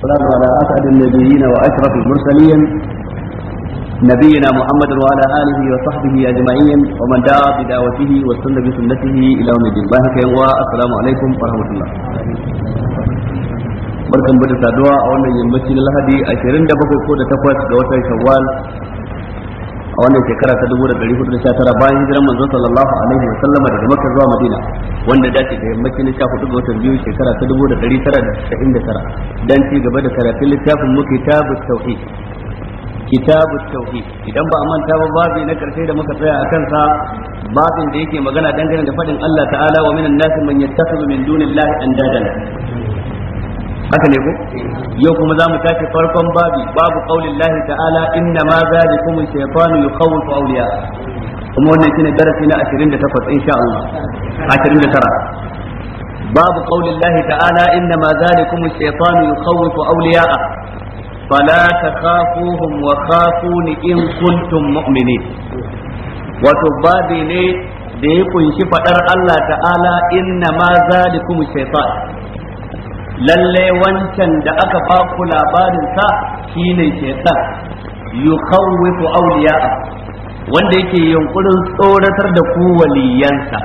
والسلام على أسعد النبيين وأشرف المرسلين نبينا محمد وعلى آله وصحبه أجمعين ومن دعا بدعوته واستنى بسنته إلى يوم الدين بارك السلام عليكم ورحمة الله barkan mu da saduwa a wannan yammaci na lahadi 27 ko da 8 ga watan shawwal a wannan shekara ta dubu da da hudu sha tara, bayan hijiran manzon sallallahu alaihi wa sallama daga Makka zuwa Madina wanda dace da yammacin 14 ga watan biyu shekara ta 1999 dan ci gaba da karatun littafin mu kitabut tauhid kitabu tauhid idan ba a manta ba babi na karshe da muka tsaya a kansa babin da yake magana dangane da faɗin Allah ta'ala wa minan nasi man yattakhidhu min dunillahi andadan haka ne ko yau kuma zamu tashi farkon babi babu qaulin lahi ta'ala inna ma zalikum shaytanu yukhawwifu awliya kuma wannan shine darasi na 28 insha Allah 29 babu qaulin lahi ta'ala inna ma zalikum shaytanu yukhawwifu awliya'a fala takhafuhum wa khafuni in kuntum mu'minin wato babi ne da ya kunshi fadar Allah ta'ala inna ma zalikum shaytanu lalle wancan da aka ba ku labarin sa shine shaytan yukawwifu awliya'a wanda yake yunkurin tsoratar da ku waliyansa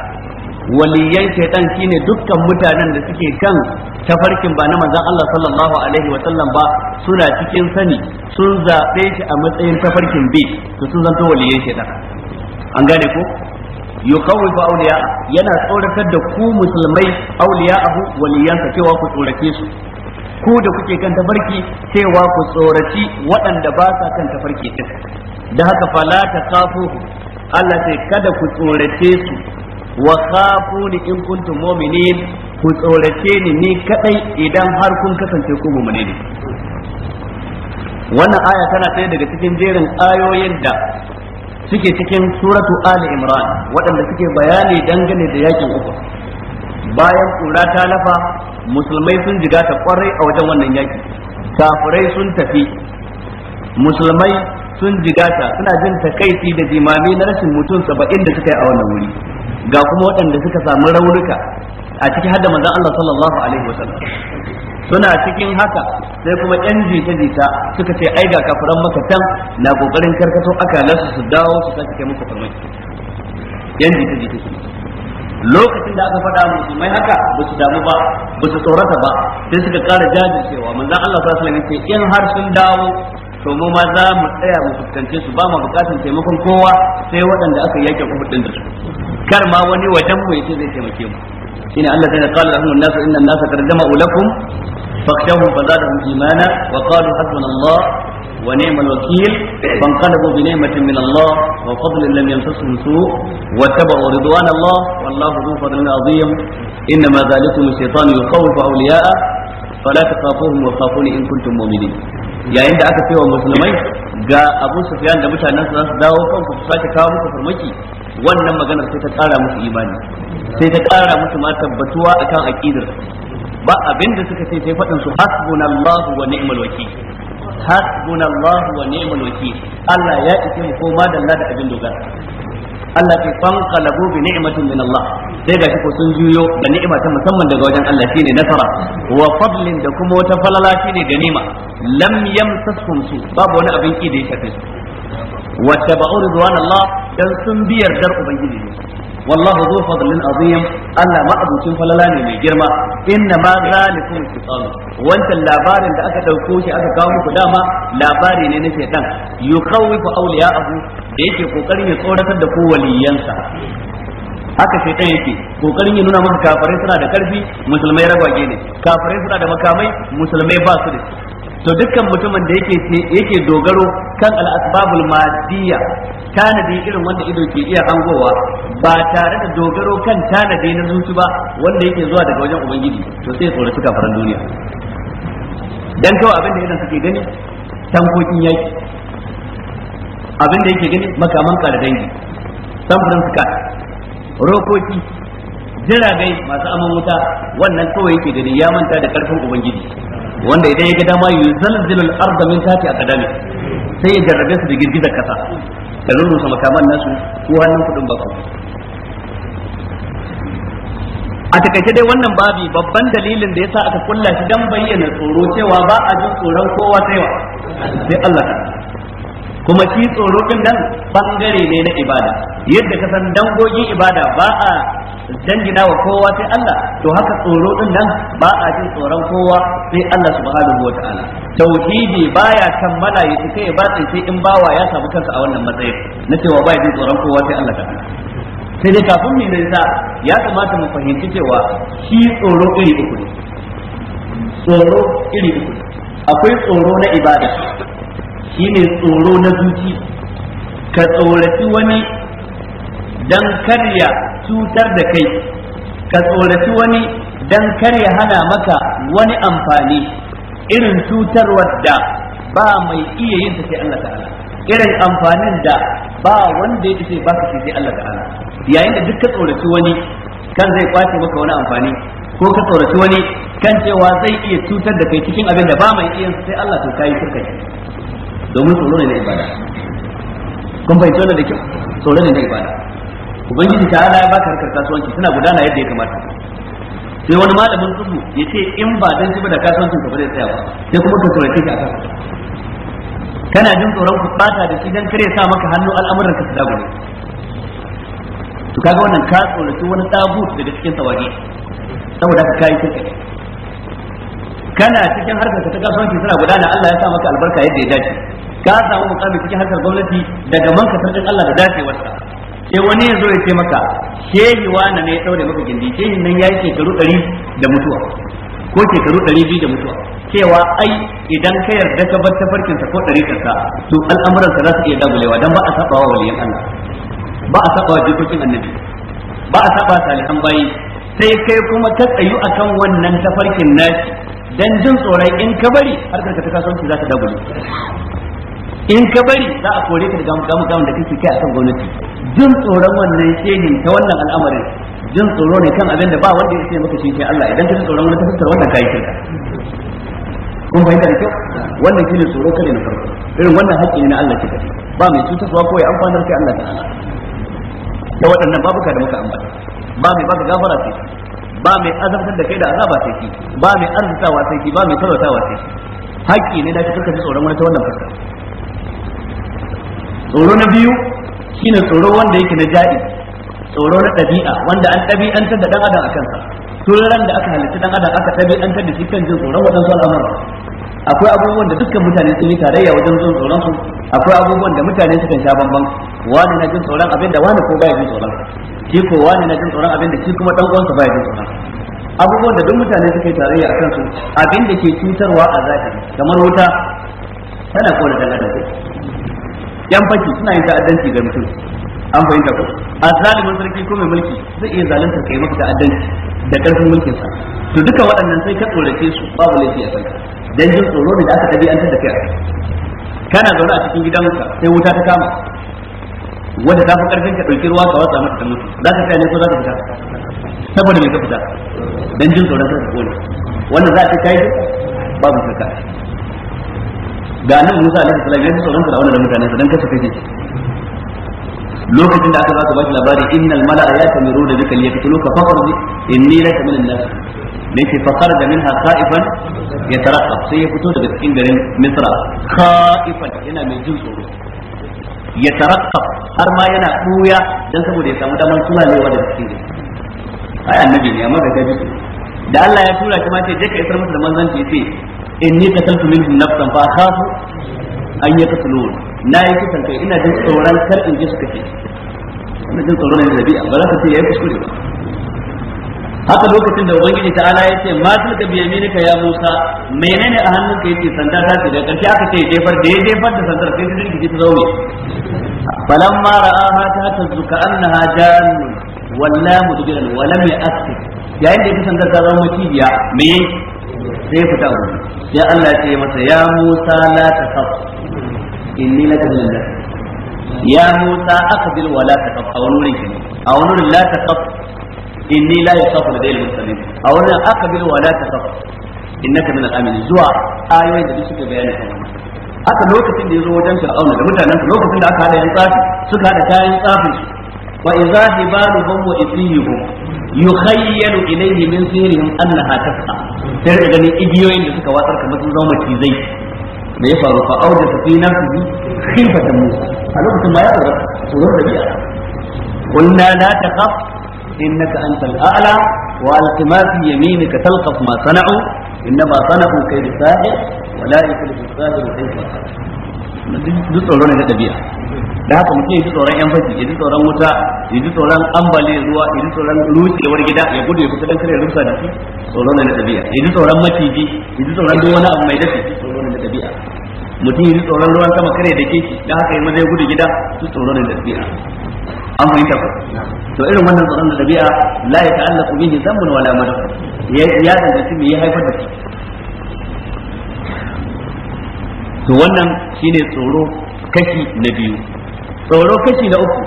waliyan shaytan shine dukkan mutanen da suke kan tafarkin ba na manzon Allah sallallahu alaihi wa sallam ba suna cikin sani sun zaɓe shi a matsayin tafarkin bi to sun zanto waliyan shaytan an gane ko fa auliya yana tsoratar da ku musulmai auliya awliya'ahu waliyansa cewa ku tsorace su ku da kuke kan tafarki cewa ku tsoraci waɗanda ba sa kan tafarki din da haka fala ta kafu Allah sai kada ku tsorace su wa ni in kuntu mu'minin ku tsorace ni ni kadai idan har kun kasance ku mu'mini wannan aya tana ɗaya daga cikin jerin ayoyin da suke cikin suratu ali imran waɗanda suke bayani dangane da yakin uku bayan kura ta lafa musulmai sun jigata kwarai a wajen wannan yaki kafirai sun tafi musulmai sun jigata suna jin takaici da jimami na rashin mutum saba'in da suka yi a wannan wuri ga kuma waɗanda suka samu raunuka a ciki har da Allah sallallahu alaihi wasallam suna cikin haka sai kuma yan jita jita suka ce ai ga kafiran maka can na kokarin karkato aka lasu su dawo su sake kai muku farmaki yan jita jita su lokacin da aka faɗa mai haka ba su damu ba ba su tsorata ba sai suka ƙara jajircewa manzan Allah sallallahu alaihi wasallam in har sun dawo to mu ma za mu tsaya mu fuskance su ba mu bukatun taimakon kowa sai waɗanda aka yake kuɗin da su kar ma wani wajen mu yace zai taimake mu shine Allah ta qala lahum an-nasu inna an-nasa tarjama'u lakum فاخشوهم فزادهم إيمانا وقالوا حسبنا الله ونعم الوكيل فانقلبوا بنعمة من الله وفضل لم يمسسهم سوء واتبعوا رضوان الله والله ذو فضل عظيم إنما ذلكم الشيطان يخوف أولياءه فلا تخافوهم وخافوني إن كنتم مؤمنين يا عند أكثر مسلمين ga abu sufyan da mutanen za su dawo kanku su sake kawo muku farmaki wannan maganar sai ta kara musu imani sai ta kara musu ma tabbatuwa akan aqidar ba abinda suka ce sai faɗin su hasbunallahu wa ni'mal wakil hasbunallahu wa ni'mal wakil Allah ya ike mu koma dalla da abin dogara Allah ke fanqalabu bi ni'matin min Allah sai ga ko sun juyo da ni'ima ta musamman daga wajen Allah shine nasara wa fadlin da kuma wata falala shine ganima lam yamsaskum su babu wani abin ki da ya shafe su wa tabu'u ridwan dan sun biyar dar ubangiji ne wallahu zu fadlin azim Allah ma'abucin falala ne mai girma inna ma zalikum shitan wannan labarin da aka dauko shi aka kawo muku dama labari ne na shaytan yukhawifu abu da yake kokarin ya tsoratar da ku waliyansa haka sai ɗaya yake kokarin ya nuna maka kafirai suna da karfi musulmai ragwage ne kafirai suna da makamai musulmai ba su da to dukkan mutumin da yake yake dogaro kan al'asbabul madiyya tanadi irin wanda ido ke iya hangowa ba tare da dogaro kan tanadi na zuci ba wanda yake zuwa daga wajen ubangiji to sai tsoro suka faran duniya dan kawai abin da idan suke gani tankokin yaki abin da yake gani makaman kare dangi samfurin suka rokoki jiragai masu aman wuta wannan kawai yake gani ya manta da karfin ubangiji wanda idan ya ga dama yi al-ardh min a aqdami sai ya jarrabe su da girgizar kasa da rurrusa makaman nasu ko hannun kudin ba a takaice dai wannan babi babban dalilin da yasa aka kulla shi dan bayyana tsoro cewa ba a jin tsoron kowa sai wa sai Allah ta. kuma shi tsoro din nan bangare ne na ibada yadda ka dangogin ibada ba a dangina wa kowa sai Allah to haka tsoro din nan ba a jin tsoron kowa sai Allah subhanahu ta'ala. tauhidi baya kammala ya tuka ya batse sai in bawa ya samu kansa a wannan matsayin na cewa baya jin tsoron kowa sai Allah ta'ala sai dai kafin mu yi sa ya kamata mu fahimci cewa shi tsoro iri uku ne tsoro iri uku akwai tsoro na ibada shine tsoro na zuci ka tsoraci wani dan karya cutar da kai ka tsoraci wani dan kar ya hana maka wani amfani irin cutar da ba mai iya yin ta sai Allah ta'ala irin amfanin da ba wanda ya ce ba ka sai Allah ta'ala yayin da duk ka tsoraci wani kan zai kwace maka wani amfani ko ka tsoraci wani kan cewa zai iya cutar da kai cikin abin da ba mai iya sai Allah to kai shirka domin tsoro ne na ibada kun bai tsoro da kyau tsoro ne na ibada ubangiji ta ala ya baka harkar kasuwanci suna gudana yadda ya kamata sai wani malamin tsubu ya ce in ba dan shi ba da kasuwancin ka ba zai tsaya ba sai kuma ka tsorace shi akan kana jin tsoron ku bata da shi dan kare sa maka hannu al'amuran ka su dagu to kaga wannan ka tsorace wani tabut daga cikin tawage saboda ka kai shirka kana cikin harkar ka ta kasuwanci suna gudana Allah ya sa maka albarka yadda ya dace ka samu mukami cikin harkar gwamnati daga manka sarkin Allah da dacewarsa sai wani ya zo ya ce maka shehi wani ne ya daure maka gindi shehin nan ya yi shekaru ɗari da mutuwa ko shekaru ɗari biyu da mutuwa cewa ai idan ka yarda ka bar tafarkinsa ko ɗari karsa, to al'amuransa za su iya dagulewa don ba a saba wa waliyan Allah ba a saba wa jikokin annabi ba a saba salihan bayi sai kai kuma ka tsayu akan wannan tafarkin nashi dan jin tsoron in ka bari harkar ka ta kasuwanci za ta dagule in ka bari za a kore ka daga mukamin da kake kai akan gwamnati jin tsoron wannan shine ta wannan al'amarin jin tsoro ne kan abin da ba wanda ya ce maka shi ke Allah idan ka ji tsoron wani tafsirar wannan kai shirka kun fahimta da kyau wannan ne tsoro kare na farko irin wannan haƙƙi ne na Allah kika ce ba mai cutarwa ko ya amfanar kai Allah ta'ala da waɗannan babuka da muka ambata ba mai baka gafara ce ba mai azabtar da kai da azaba ce ba mai arzikawa sai ki ba mai talautawa ce ki haƙƙi ne da kika ji tsoron wani ta wannan fuskar tsoro na biyu shine tsoro wanda yake na jadi tsoro na ɗabi'a wanda an an da ɗan adam a kansa ran da aka halitta ɗan adam aka ɗabi'antar da shi kan jin tsoron waɗansu al'amura akwai abubuwan da dukkan mutane sun yi tarayya wajen jin tsoron su akwai abubuwan da mutane sukan sha bamban wani na jin tsoron abin da wani ko baya jin tsoron shi ko wani na jin tsoron abin da shi kuma ɗan uwansa baya jin tsoron abubuwan da duk mutane suka yi tarayya akan su abin da ke cutarwa a zahiri kamar wuta tana kona dangane da yan faki suna yin ta'addanci ga mutum an fahimta ko a zalimin sarki ko mai mulki zai iya zalunta kai maka ta'addanci da karfin mulkin sa to duka waɗannan sai ka tsorace su babu laifi a kanka dan jin tsoro ne da aka tabi'antar da kai kana zaune a cikin gidanka sai wuta ta kama wanda ta fi karfin ka dauki ruwa ka watsa mata ta mutu za ka kai ne ko za ka fita saboda me ka fita dan jin tsoron ka kone wannan za ka kai babu shakka ga nan Musa alaihi salam ya ji tsoron Fir'auna da mutanen sa dan kace kake lokacin da aka ba ka ba labari innal mala'a yatamiruna ka fakar fakhruj inni laka min an-nas da fakar da minha haƙa'ifan ya taraka sai ya fito daga cikin garin misra ka'ifan yana mai jin tsoro ya taraka har ma yana ɗuya dan saboda ya samu damar sulalewa da cikin gari ai annabi ne amma ga gaji da Allah ya tura shi ma ce je ka isar musu da manzanci ce inni qataltu minhum nafsan fa khafu an yaqtulun na yi kisan kai ina jin tsoron kar in ji su kace ina jin tsoron da dabi'a ba za ka ce yayi kuskure haka lokacin da ubangiji ta ala yace ma tilka bi ka ya Musa menene a hannunka yace sanda ta ce da karshe aka ce jefar da ya jefar da sandar sai ta dinki ta zaune falamma ra'aha ta tazzuka annaha jannun walla mudbiran walam lam ya'ti yayin da ita sandar ta zama macijiya me sai ya fita gudu sai Allah ya ce masa ya Musa la takhaf inni laka min ya Musa aqbil wa la takhaf a wani wurin kenan a wani wurin la takhaf inni la yakhafu ladayil mursalin a wani aqbil wa la takhaf innaka min al-aminin zuwa ayoyin da duk suka bayani kan wannan haka lokacin da ya zo wajen fir'auna da mutanen lokacin da aka hada yan tsafi suka hada kayan tsafin su wa idza hibaluhum wa isihum يخيل إليه من سيرهم أنها تسعى ترى إذن إجيوين لسك واترك مثل زومة في زي ما يفعل فأوجد في نفسه خيفة موسى فلوك ثم يأوجد ورد بيها قلنا لا تخف إنك أنت الأعلى وألق ما في يمينك تلقف ما صنعوا إنما صنعوا كيد الساحر ولا يكلف الساحر كيف صنعوا da haka mutum ya tsoron yan fashi ya tsoron wuta ya tsoron ambali ruwa ya ji tsoron rutsewar gida ya gudu ya fita dan kare rufa da shi tsoro ne na tabi'a ya tsoron maciji ya tsoron duk wani abu mai dafi tsoro ne na tabi'a mutum ya tsoron ruwan sama kare da ke da haka ya maza ya gudu gida su tsoro ne na tabi'a an fahimta ko to irin wannan tsoron da tabi'a la ya ta'allaqu bihi dhanbun wala madaf ya ya danganci me ya haifar da shi to wannan shine tsoro kashi na biyu tsoro kashi na uku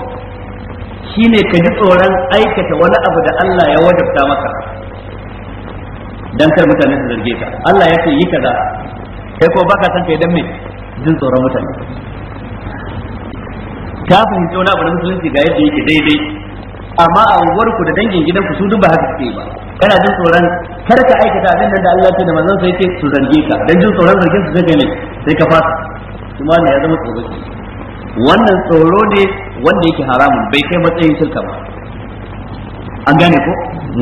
shine ka ji tsoron aikata wani abu da Allah ya wajabta maka dan kar mutane su zarge ka Allah ya ce yi kaza kai ko baka san kai dan me jin tsoron mutane ka fahimci wani abu da musulunci ga yadda yake daidai amma a unguwar ku da dangin gidan ku su duk ba haka suke ba kana jin tsoron kar ka aikata abin da Allah ce da manzon sai ke su zarge ka dan jin tsoron zargin su zai ne sai ka fasa kuma ne ya zama tsoro wannan tsoro ne wanda yake haramun bai kai matsayin shirka ba an gane ko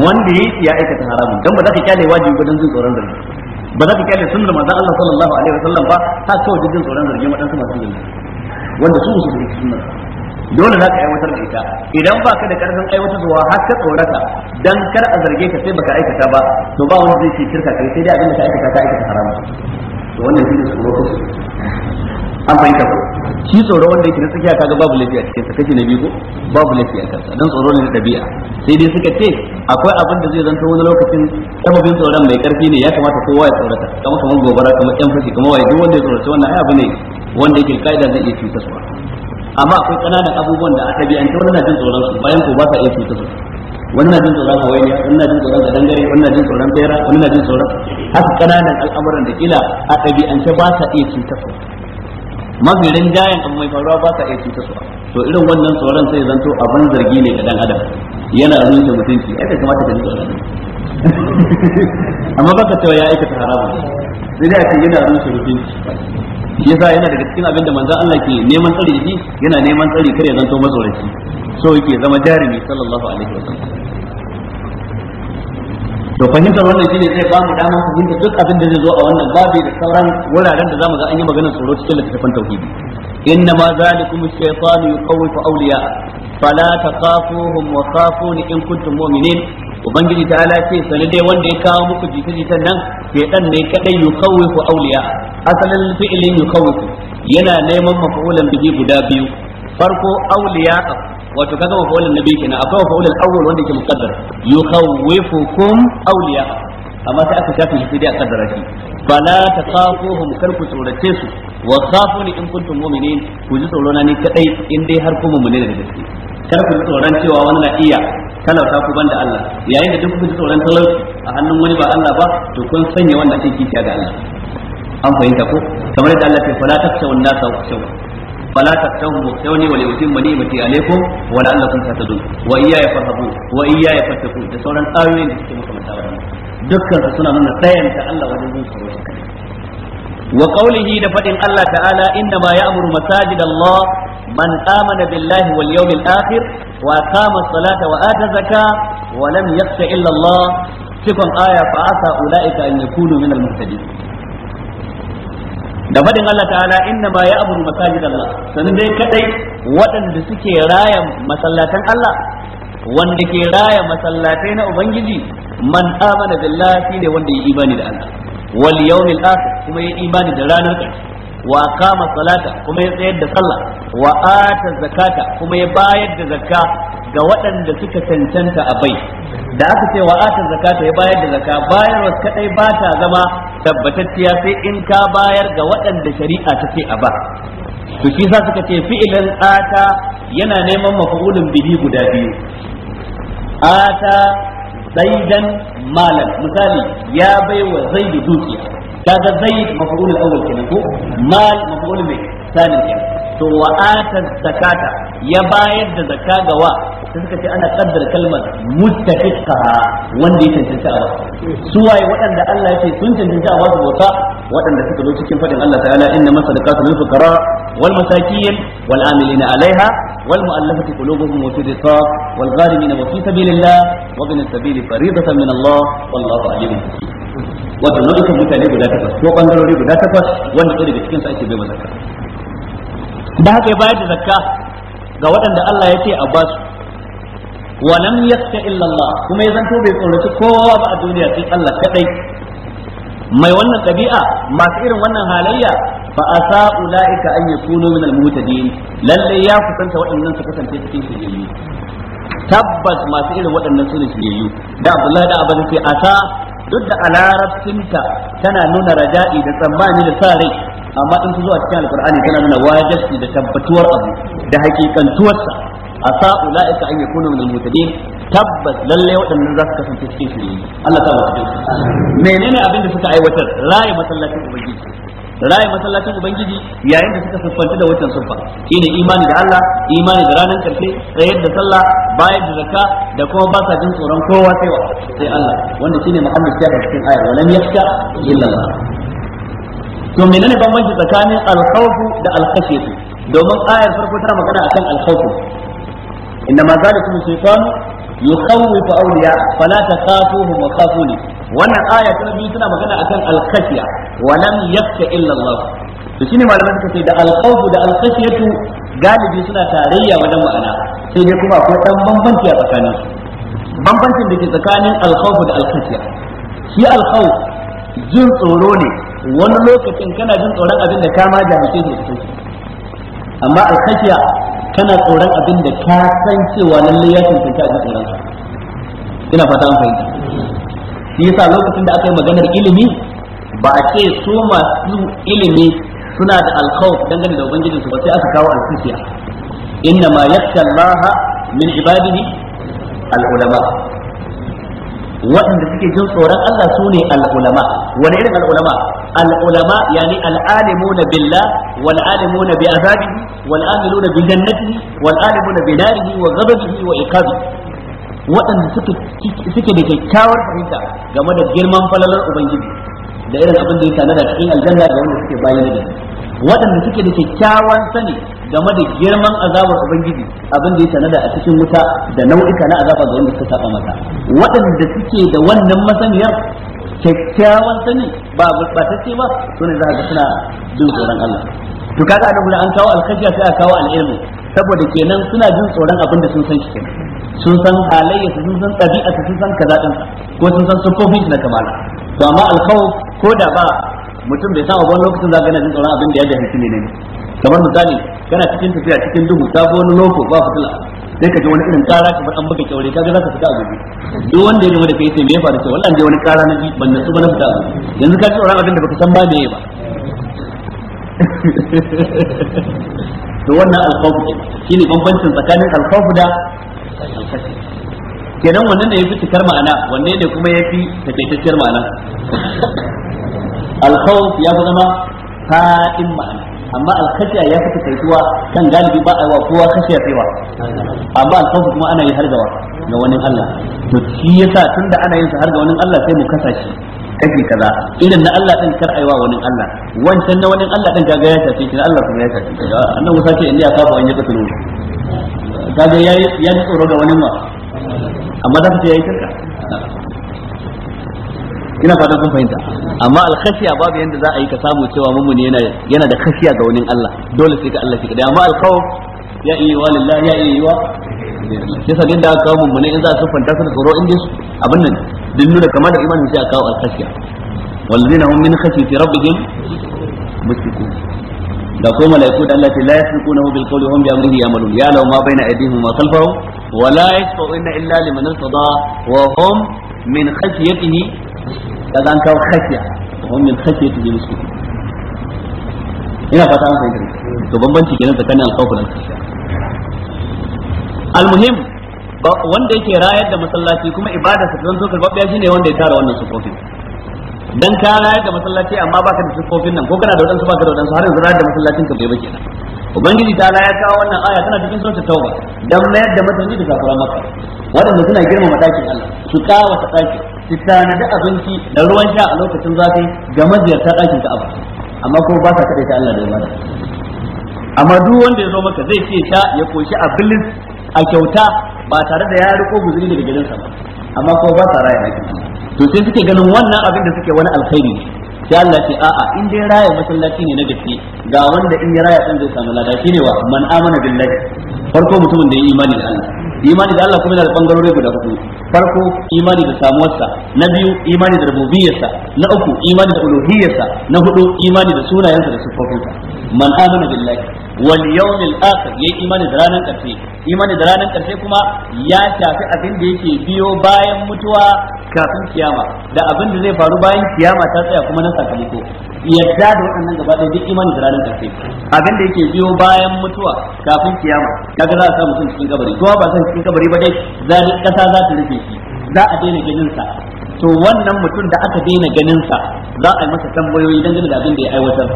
wanda yake ya aikata haramun dan ba za ka kyale wajibi ba dan jin tsoron zargi ba za ka kyale sunnar manzon Allah sallallahu alaihi wasallam ba ta kawai jin tsoron zargi wadansu masu zargi wanda su su zargi sunnar dole za ka aiwatar da ita idan ba ka da karfin da har ka tsorata dan kar a zarge ka sai baka aikata ba to ba wanda zai ce shirka kai sai dai abin da ka aikata ka aikata haramun to wannan shine tsoro ko an fahimta ba shi tsoro wanda yake na tsakiya kaga babu lafiya cikin sa kashi na biyu ko babu lafiya kansa dan tsoro ne na dabi'a sai dai suka ce akwai abin da zai zanto wani lokacin sababin tsoron mai karfi ne ya kamata kowa ya tsorata kamar kamar gobara kamar yan fashi kamar wai duk wanda ya tsorata wannan ai abu ne wanda yake kaida zai iya cutarwa amma akwai kananan abubuwan da a tabi'ance wani na jin tsoron su bayan ko ba sa iya su. wani na jin tsoron hawaii wani na jin tsoron dangare? wani na jin tsoron bera wani na jin tsoron haka kananan al'amuran da kila a ɗabi'ance ba sa iya cutarwa mafi rinjayen abu mai faruwa ba sa iya cuta su to irin wannan tsoron sai zanto abin zargi ne ga dan adam yana rushe mutunci ai kai kamata ka ji tsoron amma baka cewa ya aikata haramun sai dai a ce yana rushe mutunci shi yasa yana daga cikin abin da manzo Allah ke neman tsari shi yana neman tsari kare zanto mazoraci so yake zama jarumi sallallahu alaihi wasallam to fahimtar wannan shine zai ba mu dama fahimta duk abin da zai zo a wannan babi da sauran wuraren da zamu ga an yi maganar tsoro cikin littafin tauhidi inna ma zalikum ash-shaytanu yuqawwifu awliya fala taqafuhum wa khafuni in kuntum mu'minin ubangiji ta ala ce sani dai wanda ya kawo muku jita jitan nan shaytan ne kadai yuqawwifu awliya asalin fi'lin yuqawwifu yana neman mafulan bihi guda biyu farko awliya wato kaga mafa'ulun nabi kenan akwai mafa'ulun awwal wanda yake muqaddar yukhawwifukum awliya amma sai aka shafe shi sai dai a kaddara shi fala taqafuhum kar ku tsorace su wa khafuni in kuntum mu'minin ku ji tsoro na ni kadai in dai har ku mu'mini da gaske kar ku tsoron cewa wani na iya talauta ku banda Allah yayin da duk ku ji tsoron talauci a hannun wani ba Allah ba to kun sanya wannan aiki kishiya ga Allah an fahimta ko kamar yadda Allah ya fala takshawun nasa wa فلا تخشوهم واخشوني وليتم نعمتي عليكم ولعلكم تهتدون وإياي فارهبون وإياي فاتقون da sauran ayoyin da suke makamanta waɗannan dukkan suna nuna tsayanta Allah wajen yin tsaro shi kadai wa qawlihi da fadin Allah ta'ala inna ma ya'muru masajid Allah man amana billahi wal yawmil akhir wa aqama salata wa ata zakah wa lam yakhsha aya fa ulaika an ya min al-muhtadin da faɗin Allah ta'ala inna ma ya'budu masajid Allah sanin dai kadai waɗanda suke raya masallatan Allah wanda ke raya masallatai na ubangiji man amana billahi ne wanda ya imani da Allah wal yawmil akhir kuma ya imani da ranar kai wa kama salata kuma ya tsayar da sallah wa ata zakata kuma ya bayar da zakka ga waɗanda suka cancanta a bai da aka ce wa ata zakata ya bayar da zaka bayar wasu kadai ba ta zama tabbatacciya sai in ka bayar ga waɗanda shari'a ta ce a ba to shi sa suka ce fi'ilan ata yana neman mafa'ulun bihi guda biyu ata zaidan Malam, misali ya bai baiwa zaidu dukiya kaga zaid mafa'ulul awwal kenan ko mal mafa'ulul mai sanin kenan to wa ata zakata ya bayar da zakka ga wa sai suka ce ana kaddar kalmar mustaqiqa wanda ya tantance a su waye waɗanda Allah ya ce sun tantance a wasu bauta waɗanda suka zo cikin fadin Allah ta'ala inna masadaqatu lil fuqara wal masakin wal amilina alaiha wal mu'allafati qulubuhum wa fi risaq wal gharimin wa fi sabilillah wa bin sabili fariidatan min Allah wallahu alimun wato nau'ikan mutane guda takwas ko bangarori guda takwas wanda ɗaya daga cikin su ake bai zakka da haka ya bayar da zakka ga waɗanda Allah ya ce a ba su wa lam illa Allah kuma ya zanto bai tsoraci kowa ba a duniya sai Allah kadai mai wannan ɗabi'a masu irin wannan halayya fa asa ulaika an yakunu min al-muhtadin lalle ya kusanta waɗannan su kasance cikin shiriyu tabbas masu irin waɗannan su ne da Abdullahi da Abbas sai asa duk da alarabcinta tana nuna raja'i da tsammani da sa rai amma in ta zo a cikin alqur'ani tana nuna wajibi da tabbatuwar abu da hakikantuwarsa asa ulaika an yakunu min almutadin tabbas lalle waɗannan za su kasance cikin shirye Allah ta wata menene abin da suka aiwatar raye masallacin ubangiji raye masallacin ubangiji yayin da suka siffanta da wancan siffa shine imani da Allah imani da ranar karfe tsayar da sallah bayar da zakka da kuma ba sa jin tsoron kowa sai wa sai Allah wanda shine muhammad ya cikin ayar walam yakhsha illa Allah to menene bambanci tsakanin alkhawfu da alkhashiyatu domin ayar farko tana magana akan alkhawfu inna ma zalikum shaytan yukhawwifu awliya fala takhafuhum wa khafuni wannan aya ta biyu tana magana akan alkhashiya wa lam yakka illa Allah to shine malamai suka ce da alkhawfu da alkhashiyatu galibi suna tarayya wajen ma'ana sai dai kuma akwai dan bambanci a tsakanin bambancin da ke tsakanin alkhawfu da alkhashiya shi alkhawf jin tsoro ne wani lokacin kana jin tsoron abin da kama jami'ai ne su amma al-kashiya kana tsoron abin da ka san cewa lallai ya tuntunta a tsoron sa ina fata an fahimta shi yasa lokacin da aka yi maganar ilimi ba a ce su masu ilimi suna da alkhawf dangane da ubangijin su ba sai aka kawo alkashiya inna ma yakhsha Allah min ibadihi al-ulama waɗanda suke jin tsoron Allah su ne al-ulama wani irin al-ulama العلماء يعني العالمون بالله والعالمون بعذابه والعاملون بجنته والعالمون بناره وغضبه وعقابه waɗanda suke da kyakkyawar fahimta game da girman falalar ubangiji da irin abin da ya tanada cikin aljanna da suke bayan da waɗanda suke da kyakkyawan sani game da girman azabar ubangiji abin da ya tanada a cikin wuta da nau'ika na azaba ga wanda suka saba waɗanda suke da wannan masaniyar kyakkyawan sani ba gurbatacce ba to ne za ka suna jin tsoron Allah to kaga a nan an kawo alkhashiya sai a kawo al'ilmi saboda kenan suna jin tsoron abin da sun san shi kenan sun san halayya sun san tabi'a sun san kaza din ko sun san sufofin na kamala to amma alkhawf ko da ba mutum bai san wani lokacin za na jin tsoron abin da ya dace ne ne kamar misali kana cikin tafiya cikin duhu ta wani loko ba fitila sai ka ji wani irin kara kamar an buga kyaure kaga za ka fita a gobe duk wanda ya ji wani kai sai me ya faru ce wallahi wani kara na ji ban nasu ba na fita yanzu ka ji wani abin da baka san ba me ba to wannan alkhawf ne shine bambancin tsakanin alkhawf da kenan wannan da yafi tikar ma'ana wanne ne kuma yafi takaitacciyar ma'ana alkhawf ya fi zama fa'in ma'ana amma alkhashiya ya fi takaituwa kan galibi ba a yi wa kowa khashiya sai wa amma alkhawfu kuma ana yi har ga ga wani Allah to shi yasa tunda ana yin sa har ga wani Allah sai mu kasa shi kashi kaza irin na Allah din kar aiwa wani Allah wancan na wani Allah din kaga ya tafi shi na Allah kuma ya tafi annan Musa ce inda ya kafa an ya katulu kaga yayi ya tsoro ga wani ma amma zaka ce yi shirka ina fatan kun fahimta amma alkhashiya babu yanda za a yi ka samu cewa mummuni yana yana da khashiya ga wani Allah dole sai ka Allah shi kadai amma alkhawf ya iya wa lillahi ya iya wa kisa din da aka mun ne in za su fanta su tsoro in dai abin nan din nuna kamar da imanin sai a kawo alkhashiya walladina hum min khashiyati rabbihim mushrikun da ko malaiku da Allah ta la yasbiqunahu bil qawli hum bi amrihi yamalun ya law ma baina aydihim ma khalfahum wa la yasbiquna illa liman irtada wa hum min khashiyatihi kaga an kawo khafiya wa min khafiyati bi ina fata an fahimta to bambanci kenan tsakanin al-khawf da al al-muhim wanda yake rayar da masallaci kuma ibadar sa zan zo karbabbiya shine wanda ya tara wannan sukofin dan ka rayar da masallaci amma baka da sukofin nan ko kana da wadansu baka da wadansu har yanzu rayar da masallacin ka bai ba ubangiji ta ya kawo wannan aya tana cikin surat tauba dan mayar da mutane da kafiran maka wadanda suna girmama dakin Allah su kawo ta dakin su tanadi abinci da ruwan sha a lokacin zafi ga maziyarta ɗakin ka'aba amma ko ba sa kaɗai ta Allah da bada amma duk wanda ya zo maka zai ce ta ya koshi a bilis a kyauta ba tare da ya riko guzuri daga gidansa ba amma ko ba sa raya haƙi to sai suke ganin wannan abin da suke wani alkhairi sai Allah ce a'a in dai raya masallaci ne na gaske ga wanda in ya raya din zai samu lada ne wa man amana billahi farko mutumin da ya imani da Allah imani da Allah kuma yana da bangarori guda hudu farko imani da samuwarsa na biyu imani da rububiyarsa na uku imani da uluhiyarsa na hudu imani da sunayensa da siffofinsa man amana billahi wal yawmil akhir yayi imani da ranar karshe imani da ranar karshe kuma ya shafi abin da yake biyo bayan mutuwa kafin kiyama da abin da zai faru bayan kiyama ta tsaya kuma na sakamako yadda da waɗannan gaba ɗaya duk imani da ranar karshe abin da yake biyo bayan mutuwa kafin kiyama kaga za a sa mutum cikin kabari kowa ba san cikin kabari ba dai za kasa za ta rufe shi za a daina ganin sa to wannan mutum da aka daina ganin sa za a yi masa tambayoyi dangane da abin da ya aiwatar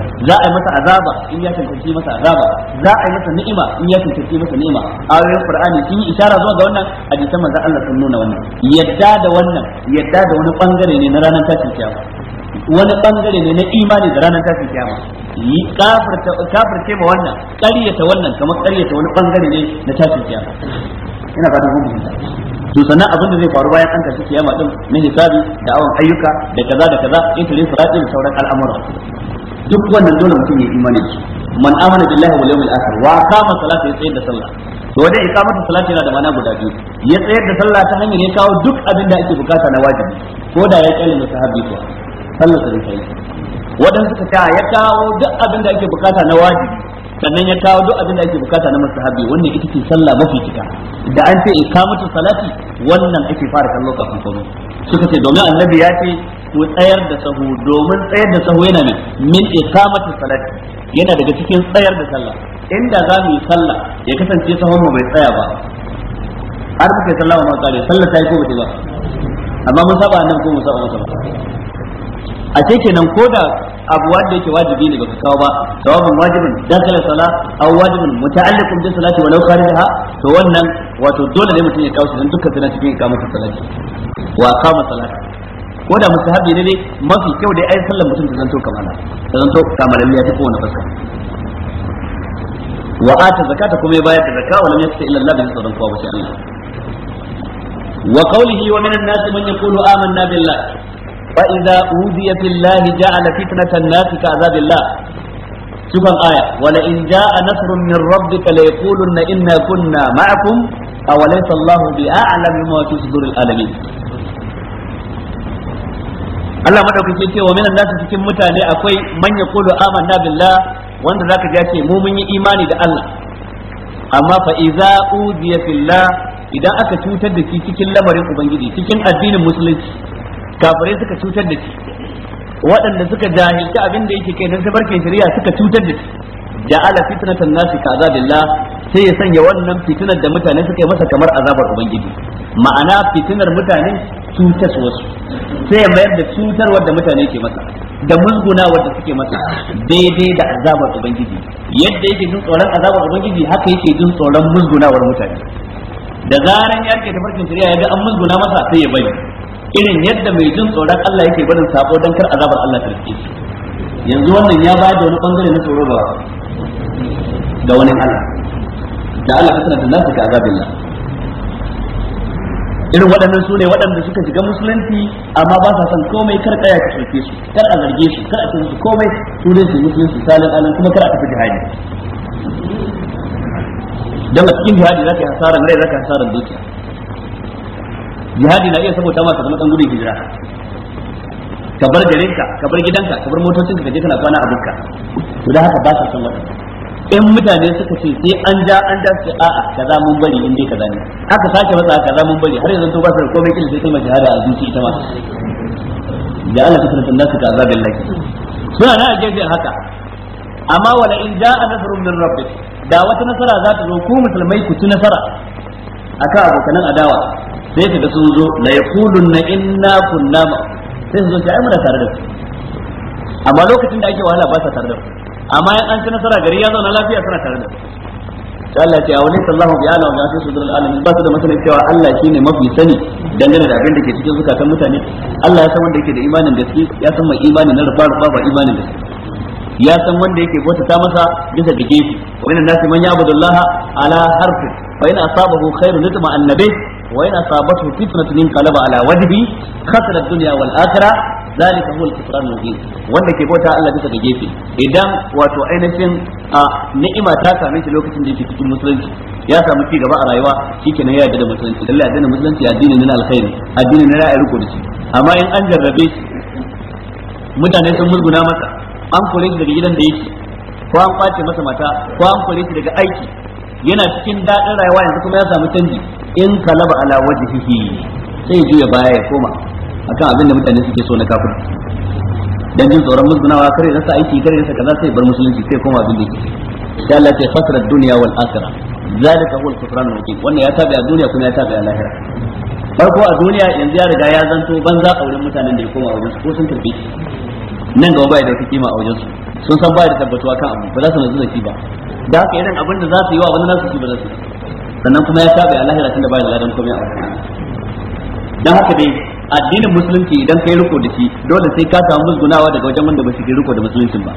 za a yi masa azaba in ya tantance masa azaba za a yi masa ni'ima in ya tantance masa ni'ima ayoyin qur'ani sun yi isharar zuwa ga wannan hadisan manzo Allah sun nuna wannan yadda da wannan yadda da wani bangare ne na ranar tashin kiyama wani bangare ne na imani da ranar tashin kiyama yi kafirta kafirce ma wannan ƙaryata wannan kamar ƙaryata wani bangare ne na tashin kiyama ina fatan kun fahimta to sannan abin da zai faru bayan an tashi kiyama din na hisabi da awon ayyuka da kaza da kaza in tulin da sauran al'amura duk wannan dole mutum ya imani shi man amana billahi wal yawmil akhir wa qama salata ya tsayar da sallah to wajen iqamatu salati yana da mana guda biyu ya tsayar da sallah ta hanyar ya kawo duk abin da ake bukata na wajibi ko da ya kalle musahabi ko sallar da kai wadan suka ta ya kawo duk abin da ake bukata na wajibi sannan ya kawo duk abin da ake bukata na mustahabi wannan ita ce sallah mafi cika da an ce ikamatu salati wannan ake fara kallo kafin komai suka ce domin annabi ya ce ku tsayar da sahu domin tsayar da sahu yana ne min ikamatu salati yana daga cikin tsayar da sallah inda za mu yi sallah ya kasance sahun mu bai tsaya ba har muke sallah ma tsare sallah ta yi ko ba amma mun saba nan ko mun saba masa saba a ce kenan ko da abu wanda yake wajibi ne baka kawo ba sawabin wajibin dakala sala aw wajibin muta'alliqun bi salati walau kharijaha to wannan wato dole ne mutum ya kawo shi dan dukkan suna cikin ikamatu salati wa qama salati ko da mustahabi ne ne mafi kyau da ayi sallar mutum ta zanto kamala ta zanto ya ta kowane fuska wa ata zakata kuma ya bayar da zakka wa lam yakta illa Allah bi sadan kawo shi Allah wa qawlihi wa minan nas man yaqulu amanna billah فإذا أوذي في الله جعل فتنة الناس كعذاب الله شوفوا الآية ولئن جاء نصر من ربك ليقولن إنا كنا معكم أوليس الله بأعلم ما في صدور العالمين Allah madaukake ce wa minan nasu cikin mutane akwai man kulu amanna billah wanda zaka ga ce mu mun yi imani da Allah amma fa iza udiya fillah idan aka cutar da shi cikin lamarin ubangiji cikin addinin musulunci kafirai suka cutar da shi waɗanda suka jahilci abin da yake kai don tabarkin shari'a suka cutar da shi Da ala fitnatan nasi kaza billah sai ya sanya wannan fitinar da mutane suka yi masa kamar azabar ubangiji ma'ana fitinar mutane cutar wasu sai ya mayar da cutar wadda mutane ke masa da musguna wadda suke masa daidai da azabar ubangiji yadda yake jin tsoron azabar ubangiji haka yake jin tsoron musgunawar mutane da zaran ya rike tafarkin shari'a ya ga an musguna masa sai ya bari irin yadda mai jin tsoron Allah yake barin sako don kar azabar Allah ta rike shi yanzu wannan ya bayar da wani bangare na tsoro ga ga wani Allah da Allah ta sanar da ka azabin Allah irin waɗannan su ne waɗanda suka shiga musulunci amma ba sa son komai kar kaya ka soke su kar a zarge su kar a ce su komai su ne su musulunci salin alin kuma kar a tafi jihadi dan a cikin jihadi zaka yi hasaran rai zaka yi hasaran dukiya jihadi na iya saboda masu ka zama dan gudun hijira ka bar garinka ka bar gidanka ka bar motocinka ka je kana kwana a bukka to da haka ba ka san wannan in mutane suka ce sai an ja an da su a'a kaza mun bari in dai kaza ne haka sake matsa kaza mun bari har yanzu to ba su komai kin sai kuma jihada a zuci ita ma da Allah ta tsara nasu ka azabin laki suna na gefe haka amma wala in ja'a nasrun min rabbik da wata nasara za ta zo ku musulmai ku ci nasara akan abokanan adawa sai kaga sun zo la na inna kunna ma sai sun zo ai muna tare da su amma lokacin da ake wahala ba sa tare da su amma yan an ci nasara gari ya zauna lafiya suna tare da su Allah ce a wani sallahu bi ala wa bi asir sudul alamin ba su da masanin cewa Allah shine mafi sani dangane da abin da ke cikin zukatan mutane Allah ya san wanda yake da imanin gaske ya san mai imanin na rufa rufa ba imanin gaske ya san wanda yake bauta ta masa bisa da gefe wannan nasu man ya'budu Allah ala harfi fa in asabahu khairun litma annabi wa in asabatu fitnatun inqalaba ala wajhi khasara ad-dunya wal akhirah zalika huwa al-khusran mubin wanda ke bauta Allah bisa ga gefe idan wato ainihin ni'ima ta same shi lokacin da yake cikin musulunci ya samu ci gaba a rayuwa shikenan ya yarda da musulunci lalle addinin musulunci addini ne na alkhairi na da shi amma in an jarrabe mutane sun murguna masa an kore shi daga gidan da yake ko an kwace masa mata ko an kore shi daga aiki yana cikin daɗin rayuwa yanzu kuma ya samu canji in kalaba ala wajhihi sai juya baya ya koma akan abin da mutane suke so na kafir dan jin tsoron musulunawa kare rasa aiki kare rasa kaza sai bar musulunci sai koma abin da yake sai Allah ya fasara duniya wal akhirah zalika huwa al-kufran al-mubin wannan ya tabi a duniya kuma ya tabi a lahira farko a duniya yanzu ya riga ya zanto banza a wurin mutanen da ya koma wurin su ko sun tarbi nan gaba bai da kima a wajen su sun san bai da tabbatuwa kan abu ba za su nazu ki ba da haka irin abin da za su yi wa wani nasu shi ba za su sannan kuma ya tabe a lahira tunda da da ladan komai a wani dan haka dai addinin musulunci idan kai riko da shi dole sai ka samu musgunawa daga wajen wanda ba shi ke riko da musuluncin ba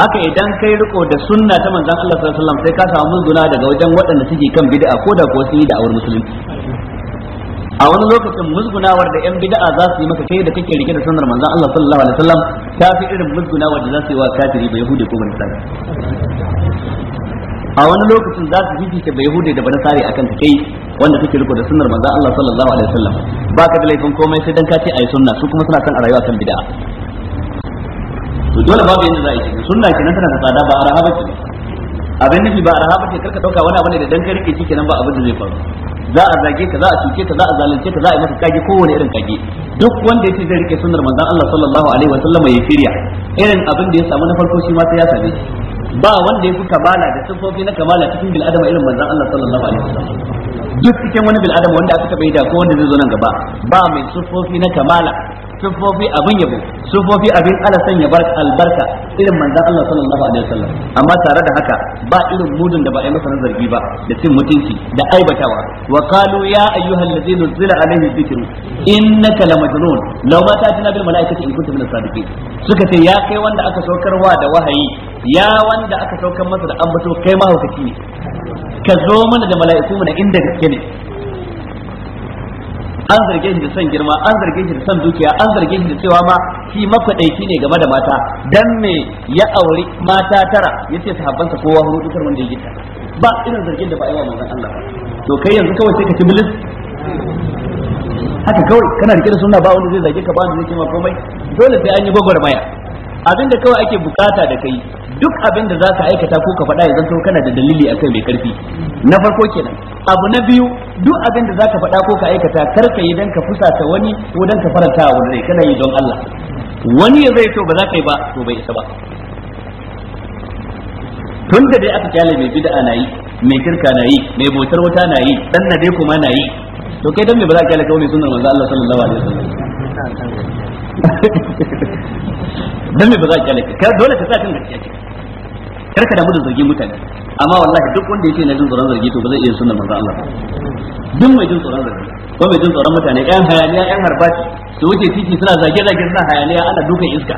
haka idan kai riko da sunna ta manzon Allah sallallahu alaihi wasallam sai ka samu musgunawa daga wajen waɗanda suke kan bid'a ko da kuwa sun yi da'awar musulunci a wani lokacin musgunawar da yan bid'a za su yi maka kai da kake rike da sunnar manzon Allah sallallahu alaihi wasallam ta fi irin musgunawar da za su yi wa kafiri ba yahudi ko ba nasara a wani lokacin za su fifita bai hude da bana sare akan ta kai wanda take riko da sunnar manzon Allah sallallahu alaihi wasallam ba ka da laifin komai sai dan ka ce yi sunna su kuma suna son a rayuwa kan bid'a to dole babu yanda za a yi sunna kenan tana da tsada ba a rahaba ce abin nufi ba a rahaba ce karka dauka wani abu ne da dan ka rike shi kenan ba abin da zai faru za a zage ka za a cuce ka za a zalunce ka za a yi maka kage kowane irin kage duk wanda ya ce zai rike sunnar manzon Allah sallallahu alaihi wasallam ya firiya irin abin da ya samu na farko shi ma sai ya same shi ba wanda ya fi kamala da sufofi na kamala cikin bil adama irin manzon Allah sallallahu alaihi wasallam duk cikin wani bil'adama adama wanda aka taba yi da ko wanda zai zo nan gaba ba mai sufofi na kamala sifofi abin yabo sufofi abin ala sanya barka albarka irin manzon Allah sallallahu alaihi wasallam amma tare da haka ba irin mudun da ba ai masa zargi ba da cin mutunci da aibatawa wa qalu ya ayyuhal ladzina zila alaihi dhikru innaka lamajnun law ma ta'tina bil malaikati in kunta min as-sadiqin suka ce ya kai wanda aka saukarwa da wahayi ya wanda aka saukan masa da an baso kai ma hukaci ne ka zo mana da mala'iku mana inda gaske ne an zarge shi da son girma an zarge shi da son dukiya an zarge shi da cewa ma shi makwadaici ne game da mata dan me ya auri mata tara yace sahabbansa kowa huru dukar wanda ya gita ba irin zargin da ba aiwa manzon Allah to kai yanzu kawai sai ka ci bilis haka kawai kana rike da sunna ba wanda zai zage ka ba wanda zai ce ma komai dole sai an yi gwagwarmaya abinda kawai ake bukata da kai duk abin da za ka aikata ko ka faɗa yanzu zanto kana da dalili a kai mai karfi na farko kenan abu na biyu duk abin da za ka faɗa ko ka aikata kar ka yi dan ka fusata wani ko dan ka faranta a wani kana yi don Allah wani ya zai to ba za ka yi ba to bai isa ba tun da dai aka kyale mai bid'a na yi mai kirka na yi mai bautar wata na yi dan na dai kuma na yi to kai dan me ba za ka kyale kawai mai manzo Allah sallallahu alaihi wasallam dan me ba za ka kyale ka dole ka sa kan gaskiya ce kar ka damu da zargin mutane amma wallahi duk wanda yake na jin tsoron zargi to ba zai iya sunnar manzo Allah duk mai jin tsoron zargi ko mai jin tsoron mutane ƴan hayaniya ƴan harbaci su wuce titi suna zage zage suna hayaniya ana dukan iska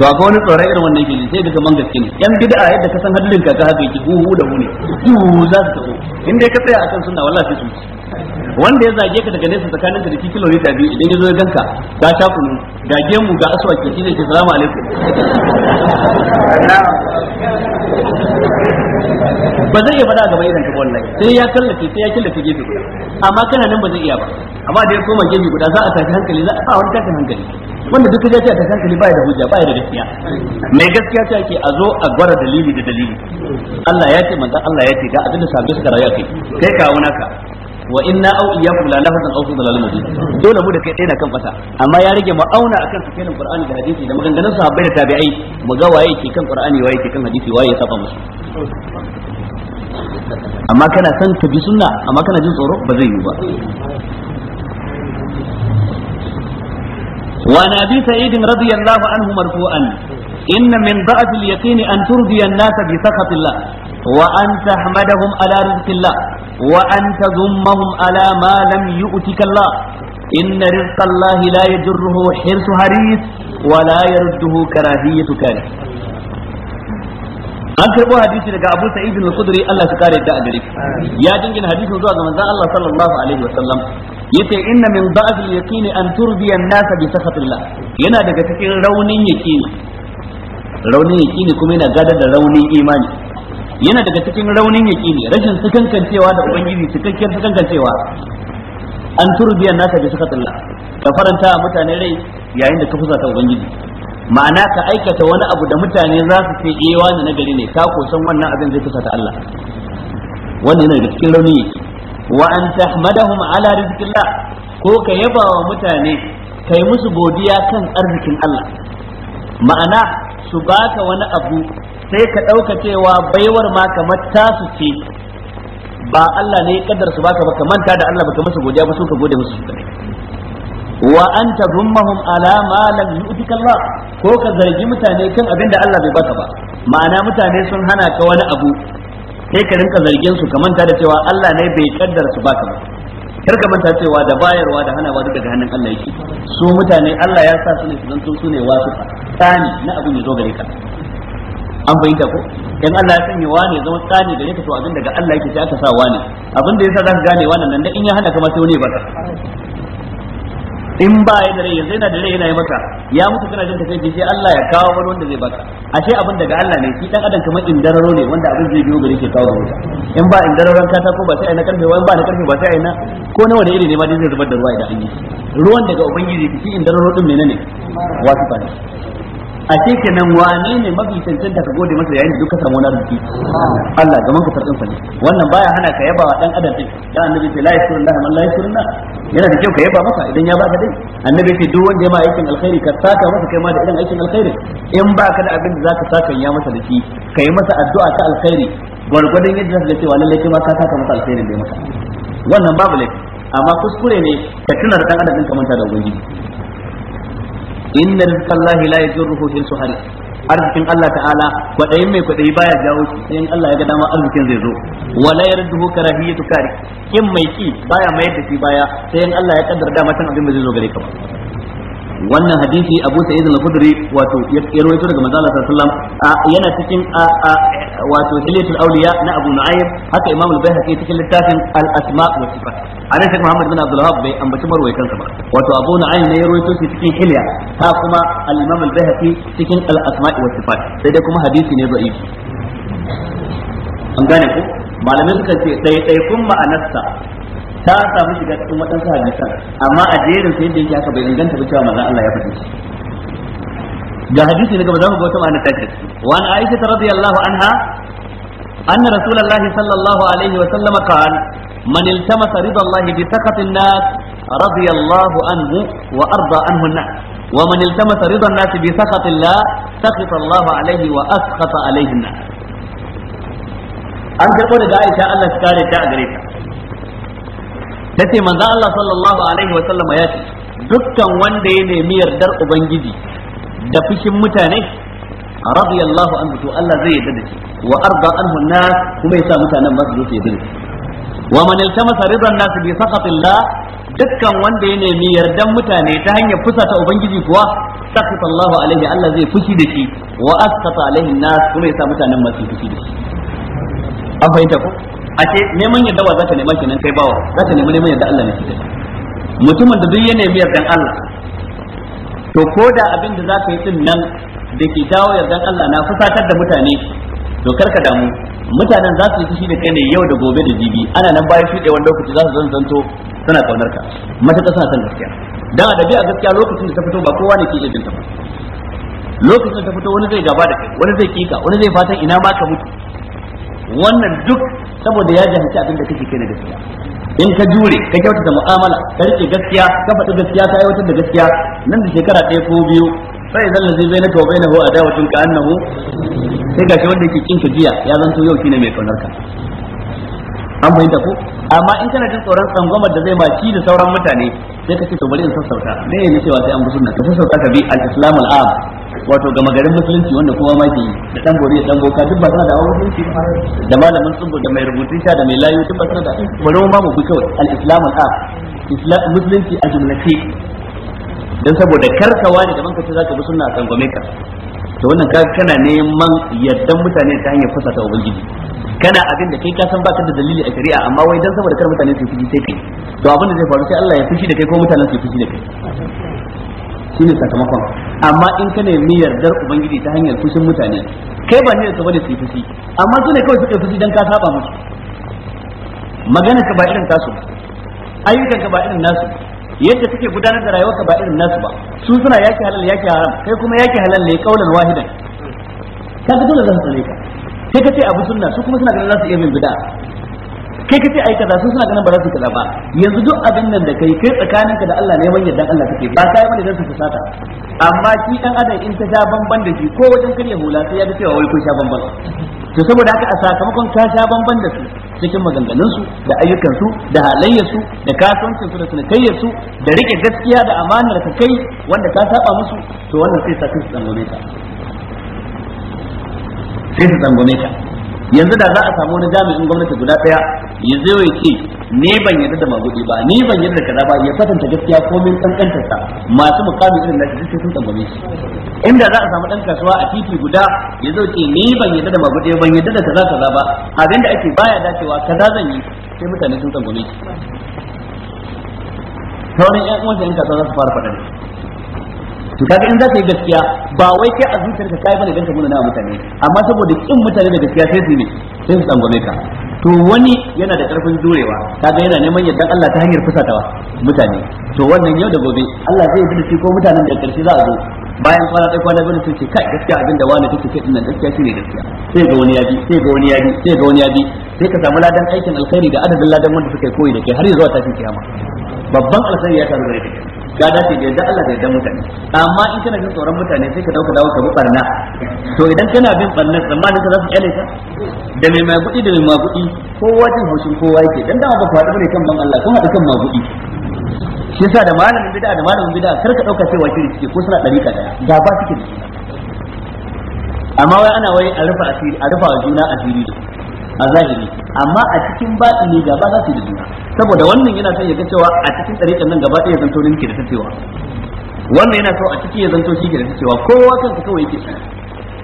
to akwai wani tsoron irin wannan gini sai daga man gaske ne yan bid'a yadda ka san hadlin ka haka yake hu da hu ne hu za su tafi in ka tsaya akan sunna wallahi sai su wanda ya zage ka daga nesa tsakanin ka da ki kilomita biyu idan ya zo ya ganka ka ta kunu ga gemu ga aswaki shi ne ke salamu alaikum ba zai iya faɗa gaba idan ka wallahi sai ya kallace sai ya killace gefe guda amma kana nan ba zai iya ba amma da ya koma gefe guda za a tafi hankali za a fa wani tashin hankali wanda duk ya ce a hankali ba ya da hujja ba ya da gaskiya mai gaskiya ce ake a zo a gwara dalili da dalili Allah ya ce manzo Allah ya ce ga abin da sabbin suka rayu kai kai kawo naka wa inna au iyyakum la lafatan aw fil mubin dole mu da kai tsaye na kan fata amma ya rage ma'auna akan tafsirin qur'ani da hadisi da maganganun sahabbai da tabi'ai mu ga waye ke kan qur'ani waye ke kan hadisi waye ya saba musu amma kana san ka bi sunna amma kana jin tsoro ba zai yi ba وعن ابي سعيد رضي الله عنه مرفوعا ان من ضعف اليقين ان ترضي الناس بسخط الله وان تحمدهم على رزق الله wa an tazummahum ala ma lam yu'tika Allah inna rizqa Allah la yajurruhu hirsu haris wa la yarduhu karahiyatu kare an karbo hadisi daga Abu Sa'id al-Khudri Allah ya kare da gare ya dingina hadisin zuwa ga manzon Allah sallallahu alaihi wa sallam yace inna min da'f al-yaqin an turdiya an-nas bi sakhatillah yana daga cikin raunin yaqini raunin yaqini kuma yana gadar da raunin imani yana daga cikin raunin ne, rashin sukankancewa da ubangiji cikakken sukankancewa an biyan nasa bi tsalla ka faranta a mutane rai yayin da ka fusa ta ubangiji ma'ana ka aikata wani abu da mutane za su ce eh wani nagari ne ka kosan wannan abin zai fusa ta Allah wannan yana daga cikin raunin yaqini wa an tahmadahum ala rizqillah ko ka yaba wa mutane kai musu godiya kan arzikin Allah ma'ana su baka wani abu sai ka ɗauka cewa baiwar ma kamar tasu ce ba Allah ne ya su baka ba manta da Allah baka masa godiya ba su ka gode musu wa an dhummahum ala ma lam yu'tika Allah ko ka zargi mutane kan abin da Allah bai baka ba ma'ana mutane sun hana ka wani abu sai ka rinka zargin su ka manta da cewa Allah ne bai kaddara su baka ba kar ka manta cewa da bayarwa da hanawa duka ga hannun Allah yake su mutane Allah ya sa su ne su zanto su ne wasu tsani na abin ya zo gare ka an bai ko in Allah ya sanya wani zama tsani gare ka to abin daga Allah yake sai aka sa wani abin da yasa za ka gane wannan nan da in ya hana kamar sai wani ya baka in ba ya da rai yanzu yana da rai yana yi maka ya mutu kana jin takaici sai Allah ya kawo wani wanda zai baka ashe abin daga Allah ne shi dan adam kamar indararo ne wanda abin zai biyo gare ke kawo gare in ba indararon katako ba sai yi na karfe wani ba na karfe ba sai ai na ko nawa da iri ne ma dai zai zubar da ruwa idan an yi ruwan daga ubangiji shi indararo din menene wasu ba a ce nan wane ne mafi cancanta ka gode masa yayin da duka samu na arziki Allah ga manka sarkin fali wannan baya hana ka yaba wa dan adam din dan annabi sai la yashkurun da man la yashkurun yana da kyau ka yaba masa idan ya baka dai? annabi sai duk wanda ya ma aikin alkhairi ka saka masa kai ma da irin aikin alkhairi in baka da abin da zaka saka ya masa da shi kai masa addu'a ta alkhairi gwargwadon yadda zaka ce lallai kai ma ka saka masa alkhairi da ya masa wannan babu laifi amma kuskure ne ka tunar dan adam din ka manta da ubangiji inna rizqallahi la yajurruhu fil suhari arzikin Allah ta'ala kwadayin mai kwadayi baya jawo shi sai in Allah ya ga dama arzikin zai zo wala yarduhu karahiyatu kari kin mai ki baya mayar da shi baya sai in Allah ya kaddara dama tan abin zai zo gare ka ba wannan hadisi Abu Sa'id al-Khudri wato ya rawaito daga manzo Allah sallallahu yana cikin wato Hilyatul Awliya na Abu Nu'aym haka Imam al-Baihaqi cikin littafin al-Asma wa Sifat anan sai Muhammad bin Abdul Wahhab bai ambaci marwayatan sa ba wato Abu Nu'aym ne ya rawaito shi cikin Hilya ta kuma al-Imam al-Baihaqi cikin al-Asma wa Sifat sai dai kuma hadisi ne da'ifi an gane ku malamai suka ce ɗaiɗaikun ma'anarsa ta samu shiga cikin waɗansu hadisan amma a jerin sai da yake haka bai inganta ba cewa manzon Allah ya faɗi shi ga hadisi ne gaba za mu ga wata ma'ana ta ce wa an aisha radiyallahu anha أن رسول الله صلى الله عليه وسلم قال من التمس رضا الله بسخط الناس رضي الله عنه وأرضى عنه الناس ومن التمس رضا الناس بسخط الله سخط الله عليه وأسخط عليه الناس an karɓo daga aisha Allah ta kare ta a gare Ta ce manzon Allah sallallahu alaihi wa sallama ya ce dukkan wanda ya nemi yardar ubangiji da fushin mutane radiyallahu anhu to Allah zai yarda da shi wa arda anhu nas kuma yasa mutanen ba su zo su yarda da shi wa man iltamasa ridan nas bi saqatillah dukkan wanda ya nemi yardan mutane ta hanyar fusata ubangiji kuwa sakata Allah alaihi Allah zai fushi da shi wa asqata alaihi nas kuma yasa mutanen ba su fushi da shi an fahimta ko a neman yadda wa zaka nema kenan kai bawa zaka nemi neman yadda Allah ne mutumin da duk ya nemi yardan Allah to ko da abin da zaka yi din nan da ke dawo yardan Allah na fusatar da mutane to karka damu mutanen za su yi fushi da kai ne yau da gobe da jibi ana nan bayan shuɗe wani lokaci za su zan zanto suna kaunar ka ta suna son gaskiya dan adabi a gaskiya lokacin da ta fito ba kowa ne ke ta ba lokacin da ta fito wani zai gaba da kai wani zai kika wani zai fatan ina ma ka mutu wannan duk saboda ya jahilci abin da kake kai na gaskiya in ka jure ka kyautata mu'amala ka rike gaskiya ka faɗi gaskiya ka aiwatar da gaskiya nan da shekara ɗaya ko biyu sai zan lazi bai na tobe na ho a dawacin ka annahu sai gashi wanda yake kinka jiya ya zanto yau shine mai kaunar ka an fahimta ko amma in kana jin tsoron tsangwamar da zai ma ci da sauran mutane sai ka ce to bari in sassauta me ne cewa sai an bi sunna ka sassauta ka bi al-islam al-am wato gama garin musulunci wanda kowa ma ke da dan da dan boka duk ba suna da awon musulunci da malamin tsubbu da mai rubutun sha da mai layu duk ba suna da bari ma mu bi kawai al-islam al islam musulunci a jumlace dan saboda karkawa ne gaban ka ce zaka bi sunna a tsangwame ka to wannan ka kana neman yaddan mutane ta hanyar fasa ta ubangiji kana abin da kai ka san baka da dalili a shari'a amma wai dan saboda kar mutane su fiji sai kai to abin da zai faru sai Allah ya fushi da kai ko mutanen su fiji da kai shine sakamakon amma in ka nemi yardar ubangiji ta hanyar fushin mutane kai ba ne da saboda su yi fushi amma su ne kawai suka fushi dan ka saba musu magana ka ba irin tasu ayyukan ka ba irin nasu yadda suke gudanar da rayuwarka ba irin nasu ba su suna yaki halal yaki haram kai kuma yaki halal ne kaulan wahidan ka ga dole su tsare ka sai ka ce abu sunna su kuma suna ganin za su iya bin bid'a kai kace ai kaza sun suna ganin ba za su kaza ba yanzu duk abin nan da kai kai tsakaninka da Allah ne neman dan Allah kake ba kai bane dan su fusata amma shi dan adam in ta sha bamban da shi ko wajen karya hula sai ya ga cewa wai ko sha bamban to saboda haka a sakamakon ka sha bamban da su cikin maganganun su da ayyukan su da halayyar su da kasancin su da sunakayyar su da rike gaskiya da amanar ka kai wanda ka saba musu to wannan sai sa su tsangwame ka sai su tsangwame ka yanzu da za a samu wani jami'in gwamnati guda daya ya zo ya ce ne ban yarda da magudi ba ni ban yarda da kaza ba ya kwatanta gaskiya komai kankantar sa masu mukamin irin nashi duk sun tsangwame shi inda za a samu dan kasuwa a titi guda ya zo ce ni ban yarda da magudi ban yarda da kaza kaza ba abin da ake baya dacewa kaza zan yi sai mutane sun tsangwame shi sauran ƴan uwansa ƴan kasuwa za su fara faɗa to kaga in za ka yi gaskiya ba wai kai a zuciyarka kai bane dan ka na mutane amma saboda kin mutane da gaskiya sai su ne sai su tsangwame ka to wani yana da karfin jurewa kaga yana neman yadda Allah ta hanyar fusatawa mutane to wannan yau da gobe Allah zai yi da shi ko mutanen da karshe za a zo bayan kwana ɗaya kwana biyu sun ce kai gaskiya abin da wani take kai dinnan gaskiya shine gaskiya sai ga wani ya bi sai ga wani ya bi sai ga wani ya bi sai ka samu ladan aikin alkhairi da adadin ladan wanda suka koyi da ke har zuwa tashin kiyama babban alkhairi ya taru gare ka ga dace da Allah Allah da yadda mutane amma in kana jin tsoron mutane sai ka dauka dawo ka bi barna to idan kana bin barna zamanin ka za su kyale ka da mai magudi da mai magudi kowa jin haushin kowa yake dan dama ba ku haɗu ne kan ban Allah kun haɗu kan magudi shi yasa da malamin bid'a da malamin bid'a kar ka dauka cewa shiri suke ko suna dariƙa daya da ba suke amma wai ana wai a rufa asiri a rufa juna asiri a zahiri amma a cikin batini gaba za su yi juna saboda wannan yana son ya ga cewa a cikin dariƙan nan gaba ɗaya zanto rinki da ta cewa wannan yana so a ciki ya zanto shi ke da ta cewa kowa kansa kawai yake so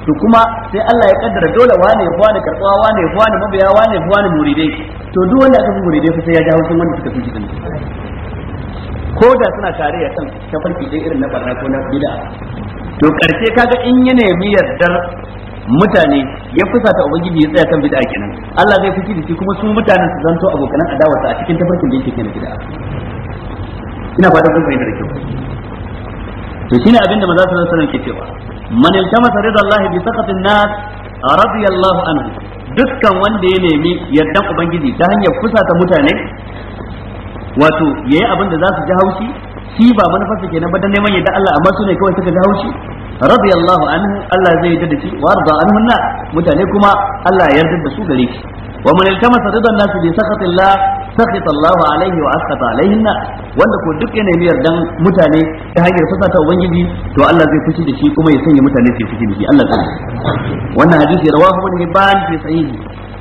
to kuma sai Allah ya kaddara dole wane ya wane karbuwa wane ya wane mabiya wane ya wane muridai to duk wanda aka fi muridai sai ya ja hausun wanda suka fi shi ko da suna tare ya san tafarki dai irin na barna ko na bid'a to karshe kaga in ya nemi yardar mutane ya ta ubangiji ya tsaya kan bid'a kenan Allah zai fushi da shi kuma su mutanen su zanto abokan adawarsa a cikin tafarkin da yake kenan bid'a ina fatan kun fahimta da kyau to shine abinda maza manzo sallallahu alaihi wasallam ke cewa man iltamasa ridallahi bi sakatin nas radiyallahu anhu dukkan wanda ya nemi yardan ubangiji ta hanyar fusata mutane wato yayi abin da za su ji haushi shi ba manufarsa kenan ba dan neman yadda Allah amma su ne kawai suka ji haushi radiyallahu anhu Allah zai yarda da shi wa arda anhu na mutane kuma Allah ya yarda da su gare shi ومن التمس رضا الناس بسخط الله سخط الله عليه واسخط عليه الناس wanda ko duk yana niyyar dan mutane ta hanyar fasa ta ubangiji to Allah zai fushi da shi kuma ya sanya mutane su fushi da shi Allah zai wannan hadisi rawahu ibn hibban fi sahih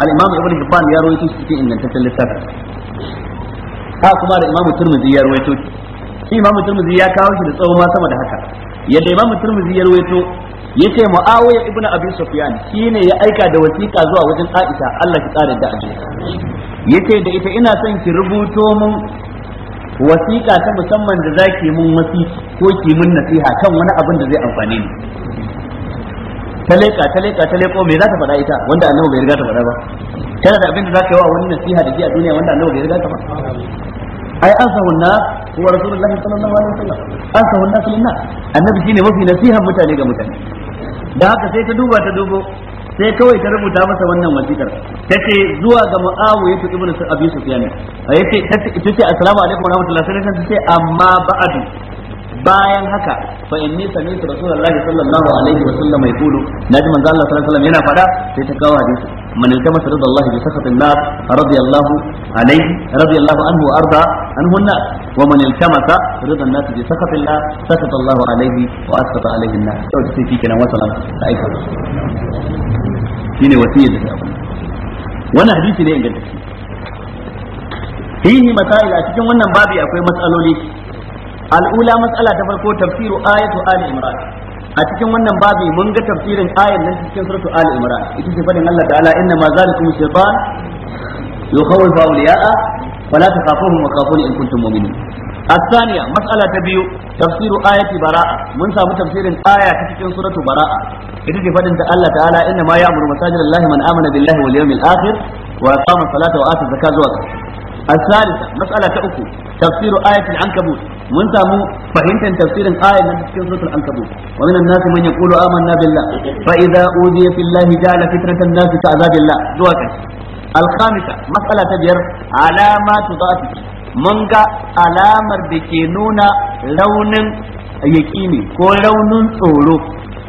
al-imam ibn hibban ya rawaito shi cikin ingantaccen littafi ha kuma da imam turmizi ya rawaito shi imam turmizi ya kawo shi da tsawo ma sama da haka yadda imamu turmuzi ya rawaito yace muawiya ibnu abi sufyan shine ya aika da wasiƙa zuwa wajen aisha Allah ki tsare da aje ce da ita ina son ki rubuto mun wasiƙa ta musamman da zaki mun wasi ko ki mun nasiha kan wani abin da zai amfane ni ta leƙa ta leƙa ta leƙo me za ta faɗa ita wanda annabi bai riga ta faɗa ba tana da abin da za ka yi wa wani nasiha da ji a duniya wanda annabi bai riga ta faɗa ai an sahun nas wa rasulullahi sallallahu alaihi wasallam an sahun na lin nas annabi shine mafi nasihan mutane ga mutane da haka sai ta duba ta dubo sai kawai ta rubuta masa wannan wasikar tace zuwa ga muawiya to ibnu abi sufyan yace tace assalamu alaikum wa rahmatullahi sai ta ce amma ba'du bayan haka fa inni sami rasulullahi sallallahu alaihi wasallam yaqulu naji manzo Allah sallallahu alaihi wasallam yana fada sai ta kawo hadisi من التمس رضا الله بسخط الناس رضي الله عليه رضي الله عنه وارضى عنه الناس ومن التمس رضا الناس بسخط الله سخط الله عليه واسخط عليه الناس لو تسي في كلام وصلا ايكا شيني وسيله وانا حديثي ne ingantacce fihi masail a cikin wannan babi akwai matsaloli al'ula matsala ta farko tafsiru ayatu ali imran a cikin wannan babi mun ga tafsirin ayan nan cikin suratu ali imran ita ce fadin Allah ta'ala inna ma zalikum biyu yukhawwifu awliya'a fala takhafuhum wa khafuni in kuntum mu'minin الثانيه مساله تبيو تفسير ايه براءه من سام تفسير ايه في سوره براءه اذا فد انت الله تعالى انما يامر مساجد الله من امن بالله واليوم الاخر واقام الصلاه واتى الزكاه الثالثة مسألة أكو تفسير آية العنكبوت من سامو فهمت تفسير آية من تفسير سورة العنكبوت ومن الناس من يقول آمنا بالله فإذا أوذي في الله جعل فتنة الناس كعذاب الله دواك الخامسة مسألة تبير علامات ضعفه من علامة بكينونا لون yakini ko raunin tsoro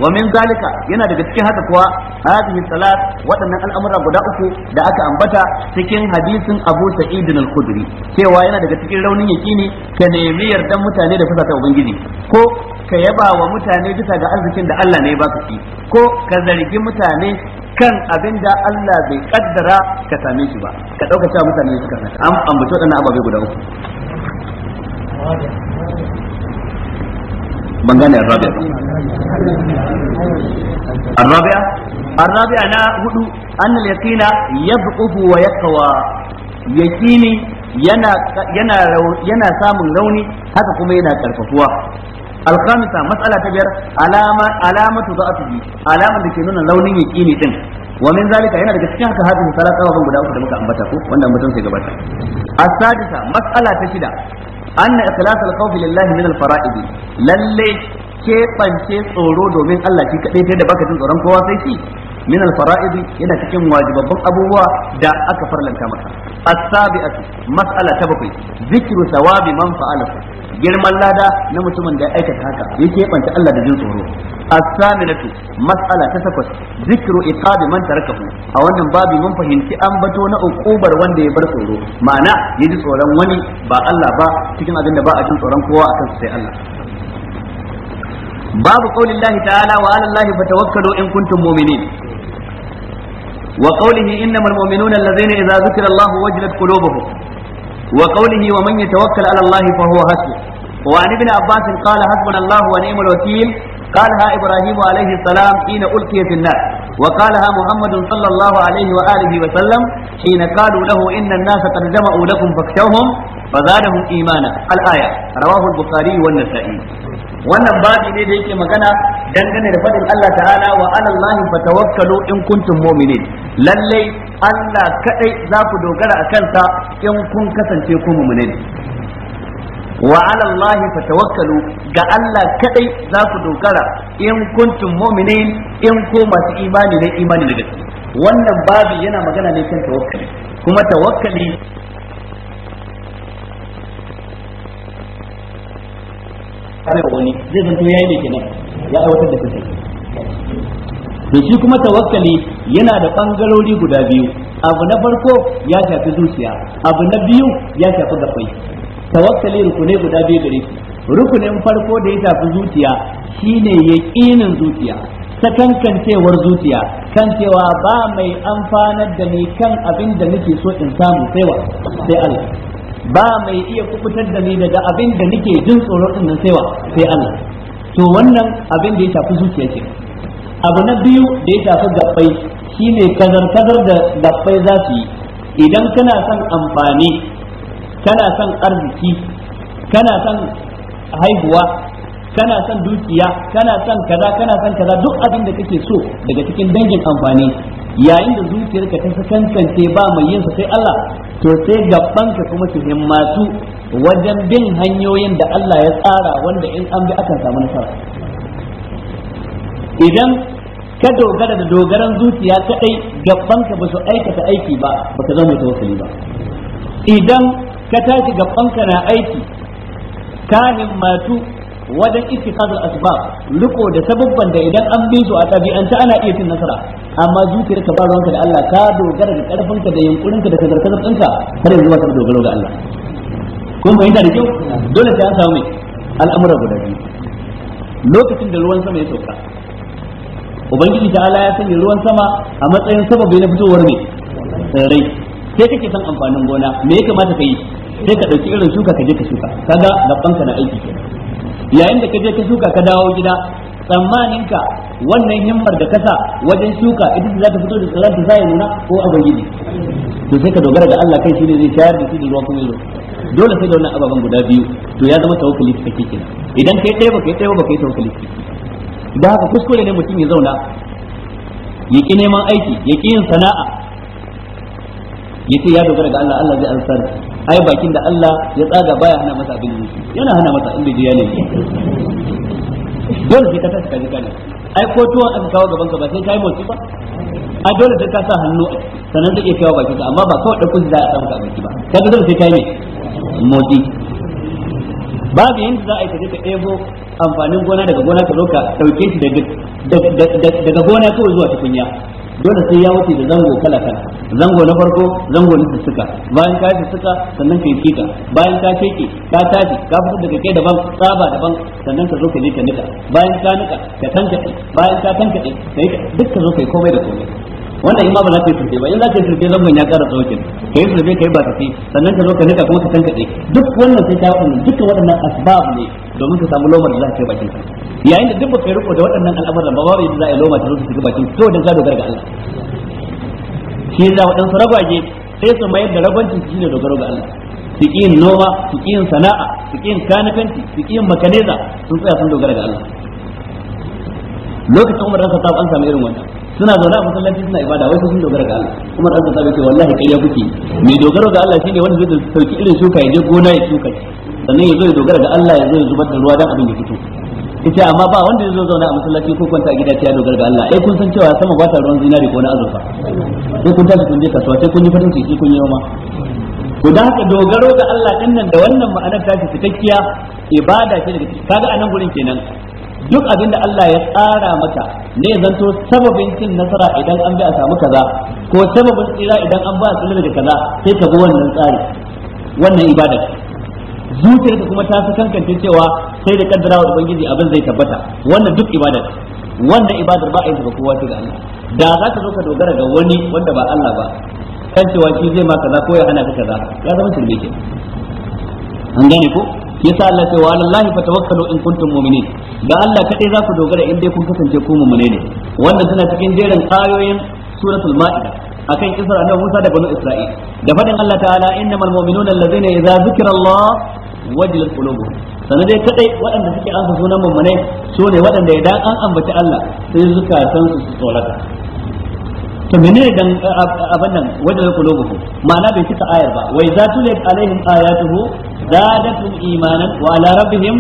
wa min zalika yana daga cikin haka kuwa hadhihi salat waɗannan al'amura guda uku da aka ambata cikin hadisin Abu Sa'id al-Khudri cewa yana daga cikin raunin yakini ka nemi yardan mutane da ta ubangiji ko ka yaba wa mutane bisa ga arzikin da Allah ne ya baka shi ko ka zargi mutane kan abin da Allah bai kaddara ka same shi ba ka dauka cewa mutane suka saka an ambaci waɗannan ababe guda uku ban gane arrabi'a arrabi'a arrabi'a na hudu an al-yaqina yadhufu wa yaqwa yaqini yana yana yana samun rauni haka kuma yana karfafuwa alkhamisa mas'ala ta biyar alama alamatu da'afi alama da ke nuna launin yaqini din wa min zalika yana daga cikin haka hadisi salatu wa guda uku da muka ambata ko wanda mutum sai gabata as-sadisa mas'ala ta shida anna ikhlas al lillahi min al-fara'id lalle keɓance tsoro domin Allah shi kaɗai ta da baka jin tsoron kowa sai shi min al yana cikin wajibabban abubuwa da aka farlanta maka as mas'ala ta bakwai zikru thawabi man fa'ala girman lada na mutumin da ya aikata haka ya keɓanta Allah da jin tsoro as-saminatu mas'ala ta takwas zikru iqabi man tarakahu a wannan babi mun fahimci an bato na ukubar wanda ya bar tsoro ma'ana ya ji tsoron wani ba Allah ba cikin abin da ba a jin tsoron kowa akan sai Allah babu qaulin Allah ta'ala wa 'ala Allah fatawakkalu in kuntum mu'minin وقوله إنما المؤمنون الذين إذا ذكر الله وجلت قلوبهم وقوله ومن يتوكل على الله فهو حسبه وعن ابن عباس قال حسبنا الله ونعم الوكيل قالها إبراهيم عليه السلام حين ألقي في النار وقالها محمد صلى الله عليه وآله وسلم حين قالوا له إن الناس قد جمعوا لكم فاخشوهم فزادهم إيمانا الآية رواه البخاري والنسائي wannan babi ne da yake magana dangane da faɗin Allah ta'ala wa ala Allah fatawakkalu in kuntum mu'minin lallai Allah kadai za ku dogara a kansa in kun kasance ku mu'minin wa ala Allahi fatawakkalu ga Allah kadai za ku dogara in kuntum mu'minin in ko masu imani ne imani da gaske wannan babu yana magana ne kan tawakkali kuma tawakkali wani zai zanto yayi ne kenan ya aiwatar da kake to shi kuma tawakkali yana da bangarori guda biyu abu na farko ya shafi zuciya abu na biyu ya shafi gabbai tawakkali rukunai guda biyu gare shi rukunin farko da ya tafi zuciya shine yaƙinin zuciya ta sakankancewar zuciya kan cewa ba mai amfanar da ni kan abin da nake so in samu sai wa sai Allah ba mai iya kubutar da ni daga abin da nake jin tsoro din nan sai wa sai Allah to wannan abin da ya shafi zuciya ce abu na biyu da ya shafi gabbai shine kazar kazar da gabbai za su yi idan kana son amfani kana son arziki kana son haihuwa kana son dukiya kana son kaza kana son kaza duk abin da kake so daga cikin dangin amfani yayin da zuciyarka ta sakankance ba mai yin sai Allah to sai ka kuma ki himmatu wajen bin hanyoyin da Allah ya tsara wanda in an bi akan samu nasara idan ka dogara da dogaran zuciya kadai ka ba su aikata aiki ba baka zama tawakkali ba idan ka tashi gabanka na aiki ka himmatu wajen ittikhadul asbab riko da sababban da idan an bi su a tabi'anta ana iya cin nasara amma zuciyarka ba ruwanka da Allah ka dogara da karfinka da yunkurinka da kazarkazar ɗinka har yanzu ba ta dogaro ga Allah kun fahimta da kyau dole sai an samu al'amura guda biyu lokacin da ruwan sama ya sauka ubangiji ta Allah ya sanya ruwan sama a matsayin sababi na fitowar mai tsirrai sai kake san amfanin gona me ya kamata ka yi sai ka dauki irin shuka ka je ka shuka kaga gaban ka na aiki kenan yayin da ka je ka shuka ka dawo gida tsammanin ka wannan himmar da kasa wajen shuka idan za ta fito da tsaron ta sai nuna ko a to sai ka dogara da Allah kai shine zai shayar da shi da ruwan kuma dole sai da wannan ababen guda biyu to ya zama tawakkali kake kenan idan kai ɗaya baka yi ba baka yi tawakkali da haka kuskure ne mutum ya zauna ya ki neman aiki ya ki yin sana'a ya ce ya dogara ga Allah Allah zai ansar ai bakin da Allah ya tsaga baya hana masa abin yi yana hana masa inda ji ya ne dole sai ka tashi ka ji kana ai ko tuwon aka kawo gaban ka ba sai kai motsi ba a dole sai ka sa hannu sannan zai iya kawo bakin ka amma ba kawai dauko za a samu ka abinci ba kaga dole sai kai ne motsi babu yanda za a yi ka je ka ɗebo amfanin gona daga gona ka zo ka ɗauke shi daga gona kawai zuwa tukunya dole sai ya wuce da zango kala kala zango na farko zango na sussuka bayan ka sussuka sannan ka yi bayan ka keke ka taji ka fitar daga kai daban tsaba daban sannan ka zo ka je ka nika bayan ka nika ka tankaɗe bayan ka tankaɗe ka yi duk ka zo ka yi komai da komai wannan in ma za ka yi turbe ba in za ka yi turbe zangon ya kara tsokin ka yi turbe ka yi bakasi sannan ka zo ka nika kuma ka tankaɗe duk wannan sai ta yi dukkan waɗannan asbab ne domin ka samu lomar da za ka kai bakin yayin da duk ba kai riko da waɗannan al'amuran ba babu yadda za a yi loma ta zo ta shiga bakin to dan ka dogara ga Allah shi da waɗansu ragwage sai su mayar da ragwancin shi ne dogaro ga Allah su yin noma su yin sana'a su yin kanakanci su yin makaneza sun tsaya sun dogara ga Allah lokacin Umar rasa ta an samu irin wannan suna zaune a masallaci suna ibada wai sun dogara ga Allah kuma da zata bace wallahi kai ya kuke mai dogaro ga Allah shine wanda zai sauki irin shuka ya je gona ya shuka sannan ya zo ya dogara ga Allah ya zo ya zubar da ruwa dan abin ya fito kace amma ba wanda ya zo zauna a masallaci ko kwanta a gida ya dogara ga Allah ai kun san cewa sama ba ta ruwan zinari ko na azurfa ko kun tashi kun je kasuwa sai kun yi farin ciki kun yi noma ko da haka dogaro ga Allah din nan da wannan ma'anar ta ce cikakkiya ibada ce daga kaga anan gurin kenan duk abin da Allah ya tsara maka ne zanto sababin cin nasara idan an bi a samu kaza ko sababin tsira idan an ba a daga kaza sai ka bi wannan tsari wannan ibada zuciyar ka kuma ta fi kankance cewa sai da kaddara wa ubangiji abin zai tabbata wannan duk ibada wannan ibadar ba a yi daga kowa ce ga Allah da za ka zo ka dogara ga wani wanda ba Allah ba kan cewa shi zai ma kaza ko ya hana ka kaza ya zama shirme ke an gane ko yasa Allah ce wa alallahi fatawakkalu in kuntum mu'minin ga Allah kadai za ku dogara in dai kun kasance ku mu'mine ne wanda suna cikin jerin ayoyin suratul ma'ida akan kisar annabi Musa da banu Isra'il da fadin Allah ta'ala innamal mu'minuna allazina idza zikrallah wajilat qulubuhum sanan dai kadai waɗanda suke amsa sunan mu'mine su ne waɗanda idan an ambaci Allah sai zukatan su su tsorata to menene dan abin nan wanda ya kulo buhu ma'ana bai cika ayar ba wai za tu lek alaihim ayatuhu zadatum imanan wa ala rabbihim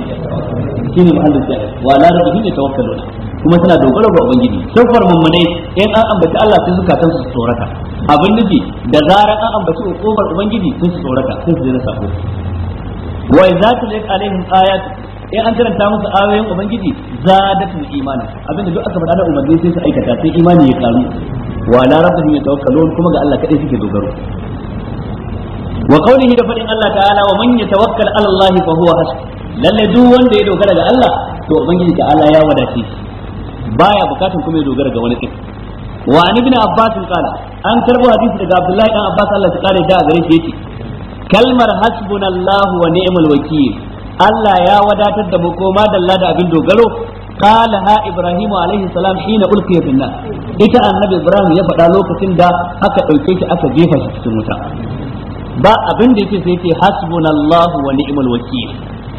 shine mahallin da wa ala rabbihim yatawakkaluna kuma suna dogaro ga ubangiji sufar mummunai in an ambaci Allah sai zukatan su tsoraka abin nufi da zarar an ambaci hukumar ubangiji sun su tsoraka sai su jira sako wa za tu lek alaihim ayatuhu in an karanta musu ayoyin ubangiji zadatul imani abinda duk aka faɗa da umarni sai su aikata sai imani ya karu wa la rabbihim yatawakkalun kuma ga Allah kadai suke dogaro wa qawlihi da fadin Allah ta'ala wa man yatawakkal 'ala Allah fa huwa hasb lalle duk wanda ya dogara ga Allah to ubangiji ta'ala ya wadace baya bukatun kuma ya dogara ga wani kai wa an ibn abbas qala an karbo hadisi daga abdullahi dan abbas Allah ya kare da gare shi yace kalmar hasbunallahu wa ni'mal wakil Allah ya wadatar da mu ko madalla da abin dogaro qala ha ibrahimu alaihi salam hina ulqiya bin nar ita annabi ibrahim ya faɗa lokacin da aka dauke shi aka jefa shi cikin wuta ba abin da yake sai yake hasbunallahu wa ni'mal wakil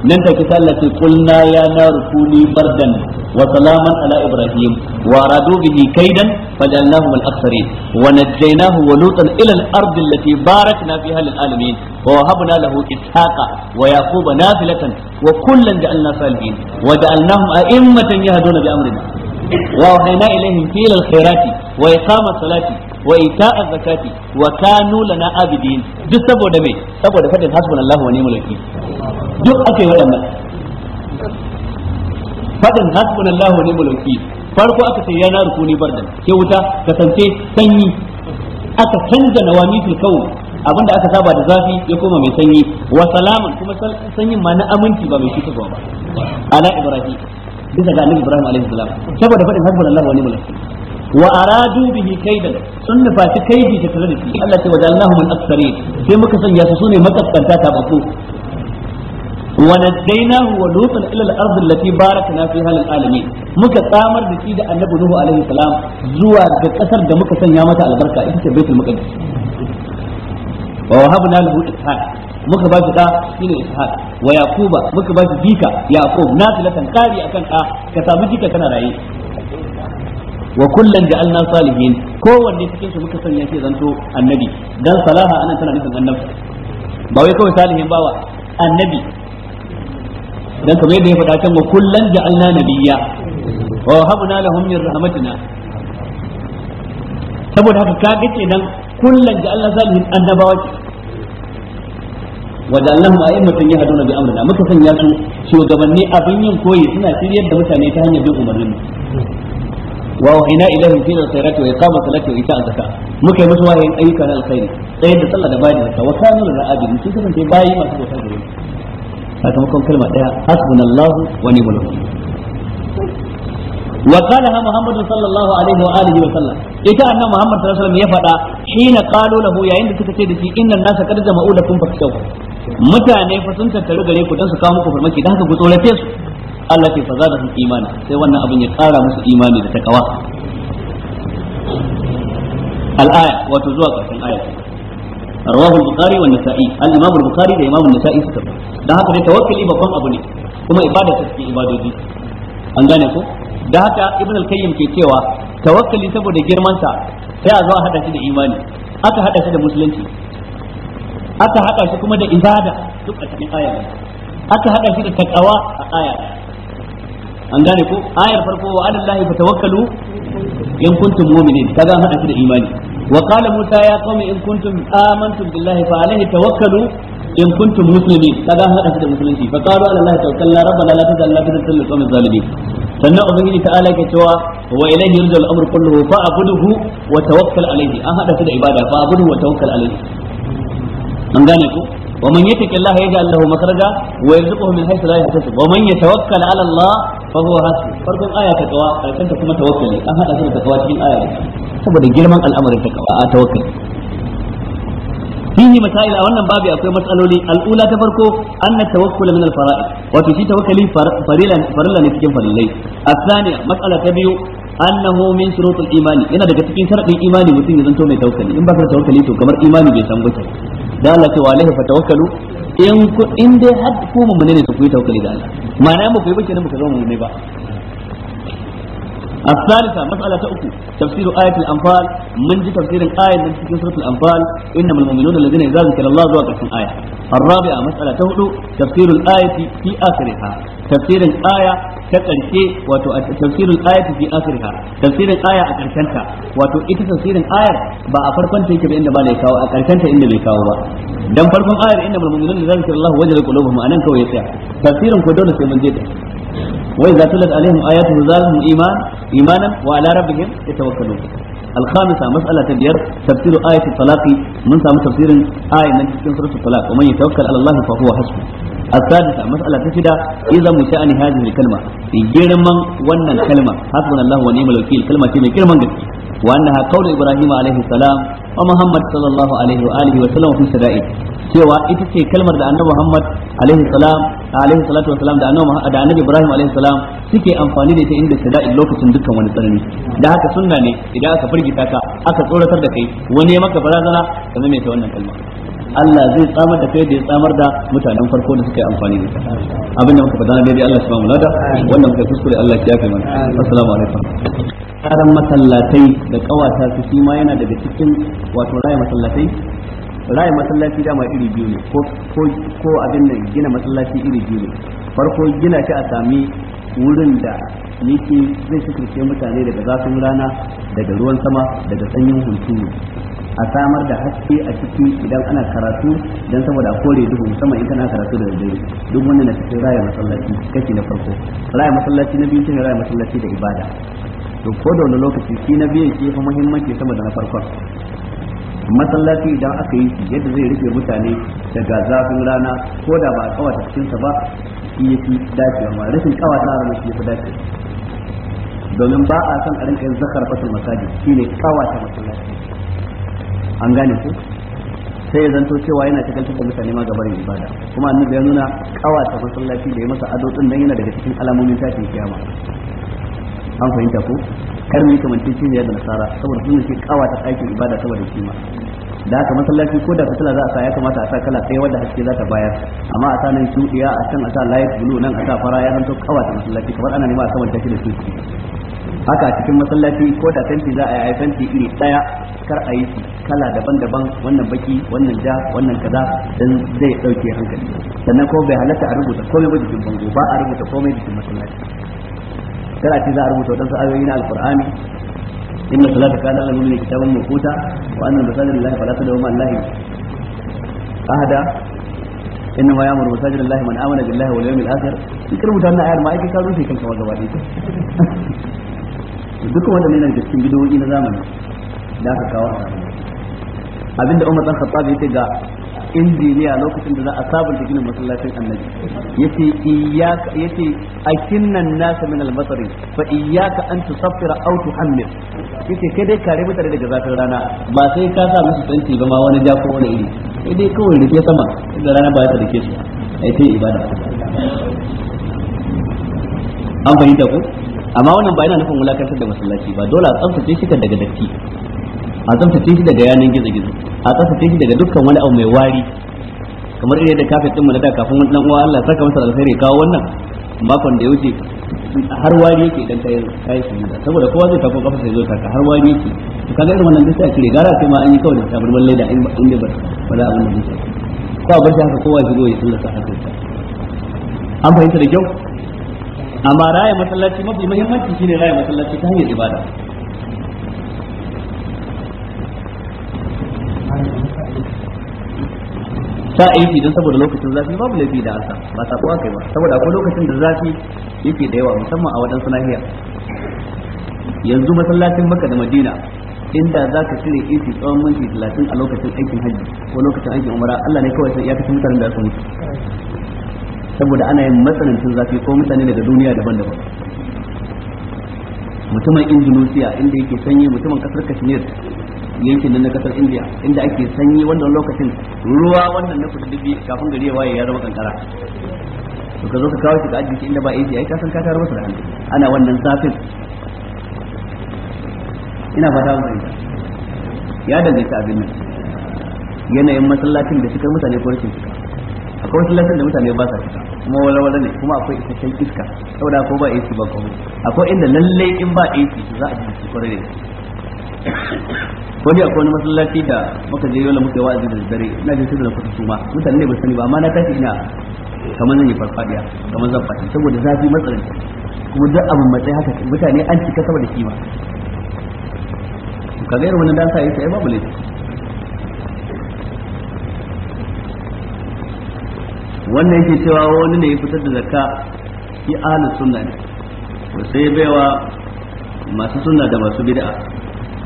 nan ta kisa Allah ce qulna ya naru kuni bardan wa salaman ala ibrahim wa radu bihi kaidan fajalnahu al aktharin wa najjaynahu wa lutan ila al ardi allati barakna fiha lil alamin ووهبنا له إسحاق ويعقوب نافلة وكلا جعلنا صالحين وجعلناهم أئمة يهدون بأمرنا وأوحينا إليهم فيل الخيرات وإقام الصلاة وإيتاء الزكاة وكانوا لنا عابدين duk saboda me saboda fadin hasbunallahu wa ni'mal wakeel duk akai wadannan fadin hasbunallahu wa ni'mal wakeel farko aka ce ya na rukuni bardan ke wuta kasance sanyi aka canza nawamitul kawu. Abin da aka saba da zafi ya koma mai sanyi wa salamun kuma sanyin ma na aminci ba mai cutarwa ba ala ibrahim bisa ga annabi ibrahim alaihi salam saboda faɗin hasbun allah wa ni'mal wakil wa aradu bihi kaidan sun nufaci kaidi ta tare da shi Allah ce wajalnahu min aksari sai muka sanya su sune makaskanta ta babu wa nadainahu wa lutan ila al-ardh allati barakna fiha lil alamin muka tsamar da shi da annabi nuhu alaihi salam zuwa ga ƙasar da muka sanya mata albarka ita ce baitul maqdis wa wahabna lahu ishaq muka ba shi da shine ishaq wa yaquba muka ba shi jika yaqub nafilatan qari akan ɗa, ka samu jika kana raye wa kullan ja'alna salihin kowanne cikin su muka sanya shi zanto annabi dan salaha anan tana nufin annabi ba wai kawai salihin bawa annabi dan kamar yadda ya faɗa can wa kullan ja'alna nabiyya wa habna lahum min rahmatina saboda haka ka gace dan kullan ja'alna salihin annabawa wajallan ma ayyukan ya haduna bi amrina muka sanya su shugabanni abin yin koyi suna shiryar da mutane ta hanyar bin umarnin wa wahina ilahum fi al-khairati wa iqama salati wa ita'a zakat muka yi musu ayyuka ayyukan alkhairi sai da sallah da bayi da wa kanu ra'abin sun kasance bayi masu bautar gare sakamakon kalma daya hasbunallahu wa ni'mal wakeel wa qala ha muhammad sallallahu alaihi wa wa sallam ita annabi muhammad sallallahu alaihi ya fada shi na lahu yayin da suka ce da shi innan nasa kad jama'u lakum mutane fa sun tattaru gare ku dan su kawo muku farmaki dan haka ku tsorace su Allah ke fa zada imani sai wannan abin ya kara musu imani da takawa al-aya wato zuwa ƙarshen aya رواه البخاري والنسائي Bukhari da ده امام النسائي suka da haka ne tawakkali babban abu ne kuma ibada ta ce ibadoji an gane ko da haka ibn al kayyim ke cewa tawakkali saboda girmanta sai a zo a hada shi da imani aka hada shi da musulunci aka hada shi kuma da ibada duk a cikin aya aka hada shi da takawa a aya an gane ko ayar farko wa alallahi fatawakkalu in kuntum mu'minin kaza hada shi da imani wa qala musa ya qaumi in kuntum amantum billahi fa alayhi tawakkalu in kuntum muslimin kaza hada shi da musulunci fa qalu alallahi tawakkalna rabbana la tajalna fi dhilli qawmi zalimin sannan ubangiji ta ala ke cewa wa ilayhi yurja al-amru kulluhu fa abuduhu wa tawakkal alayhi an hada su da ibada fa abuduhu wa tawakkal alayhi an gane ku wa man yattaqi Allah yaj'al lahu makhraja wa yarzuquhu min haythu la yahtasib wa man yatawakkal ala Allah fa huwa hasbu farkon aya ta kawa karshen ta kuma tawakkali an hada su da kawa cikin aya saboda girman al'amarin ta kawa a tawakkali fihi masail a wannan babu akwai matsaloli al'ula ta farko anna tawakkul min al-fara'id wato shi tawakkali farila farila ne cikin farillai asaniya matsala ta biyu annahu min shurutul imani yana daga cikin sharadin imani mutum ya zanto mai tawakkali in baka tawakkali to kamar imani bai san bace da Allah ce wa alaihi fa tawakkalu in ku in dai har ku mu ne ku yi tawakkali da Allah ma'ana mu kai bace ne muka zama mu ne ba الثالثة مسألة أخرى تفسير آية الأنفال من جي تفسير آية من في سورة الأنفال إنما المؤمنون الذين إذا ذكر الله ذو في آية الرابعة مسألة أخرى تفسير الآية في آخرها تفسير الآية كتنكي وتو تفسير الآية في آخرها تفسير الآية أكرشنتا وتو إيه تفسير الآية با أفرقن تيكي بإن بالي كاو أكرشنتا إن بي كاو با دم فرقن آية إنما المؤمنون الذين ذكر الله وجل قلوبهم أنا كويسة تفسير كدولة من جيتا wa idza tulat alaihim ayatu zalhum iman imanan wa ala rabbihim yatawakkalun الخامسة مسألة بير تفسير آية الطلاق من سامة تفسير آية من تفسير سورة الطلاق ومن يتوكل على الله فهو حسبه السادسة مسألة تشدة إذا مشأن هذه الكلمة جرما ون الكلمة حسبنا الله ونعم الوكيل كلمة تيمي جرما وأنها قول إبراهيم عليه السلام ومحمد صلى الله عليه وآله وسلم في سدائه cewa ita ce kalmar da annabi Muhammad alaihi da annabi Ibrahim alaihi suke amfani da ita inda sada'i lokacin dukkan wani tsanani da haka sunna ne idan aka firgita ka aka tsoratar da kai wani ya maka barazana kamar mai ta wannan kalma Allah zai tsamar da kai da ya tsamar da mutanen farko da suka yi amfani da abin da muka fada daidai Allah ya wa da wannan muka kuskure Allah ya kai mana assalamu alaikum karan masallatai da kawata su shi ma yana daga cikin wato rayi masallatai raya masallaci dama iri biyu ne ko abin da gina masallaci iri biyu ne farko gina shi a sami wurin da yake zai sukurce mutane daga zafin rana daga ruwan sama daga sanyin hunturu a samar da haske a ciki idan ana karatu dan saboda a kore duhu musamman in kana karatu da dare duk wannan na cikin raya masallaci kashi na farko raya masallaci na biyu shine raya masallaci da ibada to ko da wani lokaci shi na biyan shi fa muhimmanci sama da na farkon masallaci idan aka yi shi yadda zai rufe mutane daga zafin rana ko da ba a kawata sa ba shi yafi dacewa amma rashin kawata rana shi yafi dacewa domin ba a son a rinka yin zakar fasul masajid shine kawata masallaci an gane ku sai zan to cewa yana cikin da mutane ma gabarin ibada kuma annabi ya nuna kawata masallaci da ya masa ado din nan yana daga cikin alamomin tashin kiyama an fahimta ku kar mu kamance shi ne da nasara saboda sun ce kawata aikin ibada saboda kima da haka masallaci ko da fitila za a sa ya kamata a sa kala ɗaya wadda haske za ta bayar amma a sa nan shuɗiya a can a sa light blue nan a sa fara ya zanto kawata masallaci kamar ana nema a saman tashi da shuɗi haka cikin masallaci ko da fenti za a yi fenti iri daya kar a yi kala daban-daban wannan baki wannan ja wannan kaza dan zai dauke hankali sannan ko bai halatta a rubuta komai ba jikin bango ba a rubuta komai jikin masallaci kar a ce za a rubuta wadansu ayoyi na alqur'ani inna salata kana ala mu'mini kitaban mawquta wa anna masajida lillahi fala tad'u ma allahi ahada إنما يأمر مساجد الله من آمن بالله واليوم الآخر ذكر متنا آية ما يكفي كانوا في كل كما duka wanda ne da cikin bidiyoyi na zamani da aka kawo a abinda Umar dan Khattab yake ga injiniya lokacin da za a sabunta ginin masallacin annabi yace iyyaka yace akinnan nas min al-masri fa iyyaka an tusaffira aw tuhammil yace kai dai kare mutane daga zafin rana ba sai ka sa musu tsanci ba ma wani ja ko wani iri sai dai kawai rike sama da rana ba ta rike su ai yi ibada an fahimta ko amma wannan ba yana nufin wulakantar da masallaci ba dole a tsaftace shi daga datti a tsaftace shi daga yanan gizo-gizo a tsaftace shi daga dukkan wani abu mai wari kamar irin da kafin din da kafin wani dan uwa Allah saka masa alkhairi kawo wannan makon da ya wuce har wari yake idan kai kai shi da saboda kowa zai tafi kafa sai zo saka har wari yake to kaga irin wannan dai sai a cire gara sai ma an yi kawai da tabar balle da in ba ba za a mun ko a bar shi haka kowa ya zo ya tsallaka haka an fahimta da kyau amma raya masallaci mafi muhimmanci shine raya masallaci ta hanyar ibada Ta aiki don saboda lokacin zafi babu laifi da asa ba ta kuwa kai ba saboda akwai lokacin da zafi yake da yawa musamman a wadansu nahiya yanzu masallacin maka da madina inda za ka cire isi tsawon minti talatin a lokacin aikin hajji ko lokacin aikin umara allah ne kawai sai ya fi mutanen da su mutu saboda ana yin matsanancin zafi ko mutane daga duniya daban-daban mutumin indonesia inda yake sanyi mutumin kasar kashmir yankin nan na kasar india inda ake sanyi wannan lokacin ruwa wannan na dubi kafin gari ya waye ya zama kankara to ka zo ka kawo shi ga ajiyar inda ba aiki ai ka san ka tayar masa da hankali ana wannan zafin ina fata mu fahimta ya danganta abin nan yanayin masallacin da cikar mutane ko rashin cika akwai masallacin da mutane ba sa cika kuma walwala ne kuma akwai isasshen iska saboda ko ba AC ba kuma akwai inda lalle in ba AC za a ji kwarai da ko ne akwai wani masallaci da muka je yola muka yi wa'azi da dare ina jin sai da kusa suma mutane ne ba sani ba amma na tashi ina kamar zan yi farfadiya kamar zan fadi saboda zafi matsalanci kuma duk abin matsayi haka mutane an cika saboda kima kaga irin wannan dan sa yake ai babu laifi wannan yake cewa wani ne ya fitar da zakka ki ahlus sunna ne sai baiwa masu sunna da masu bid'a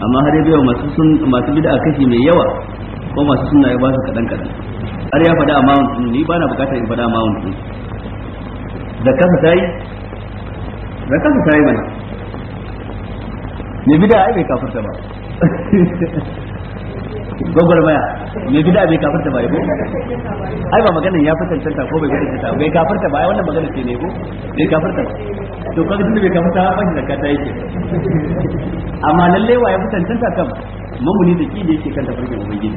amma har ya baiwa masu masu bid'a kashi mai yawa ko masu sunna ya ba su kadan kadan har ya faɗa amma din ni na bukatar in faɗa amma wannan zakka ta yi zakka ta yi mana ne bid'a ai bai kafarta ba maya mai gida bai kafarta ba yabo ai ba maganin ya fitar canta ko bai fitar ta bai kafarta ba ai wannan maganar ce ne ko bai kafarta ba to kaga tunda bai kafarta ba ne zakka ta yake amma lalle wa ya fitar canta kan mamuni da ki da yake kan tafarki ubangiji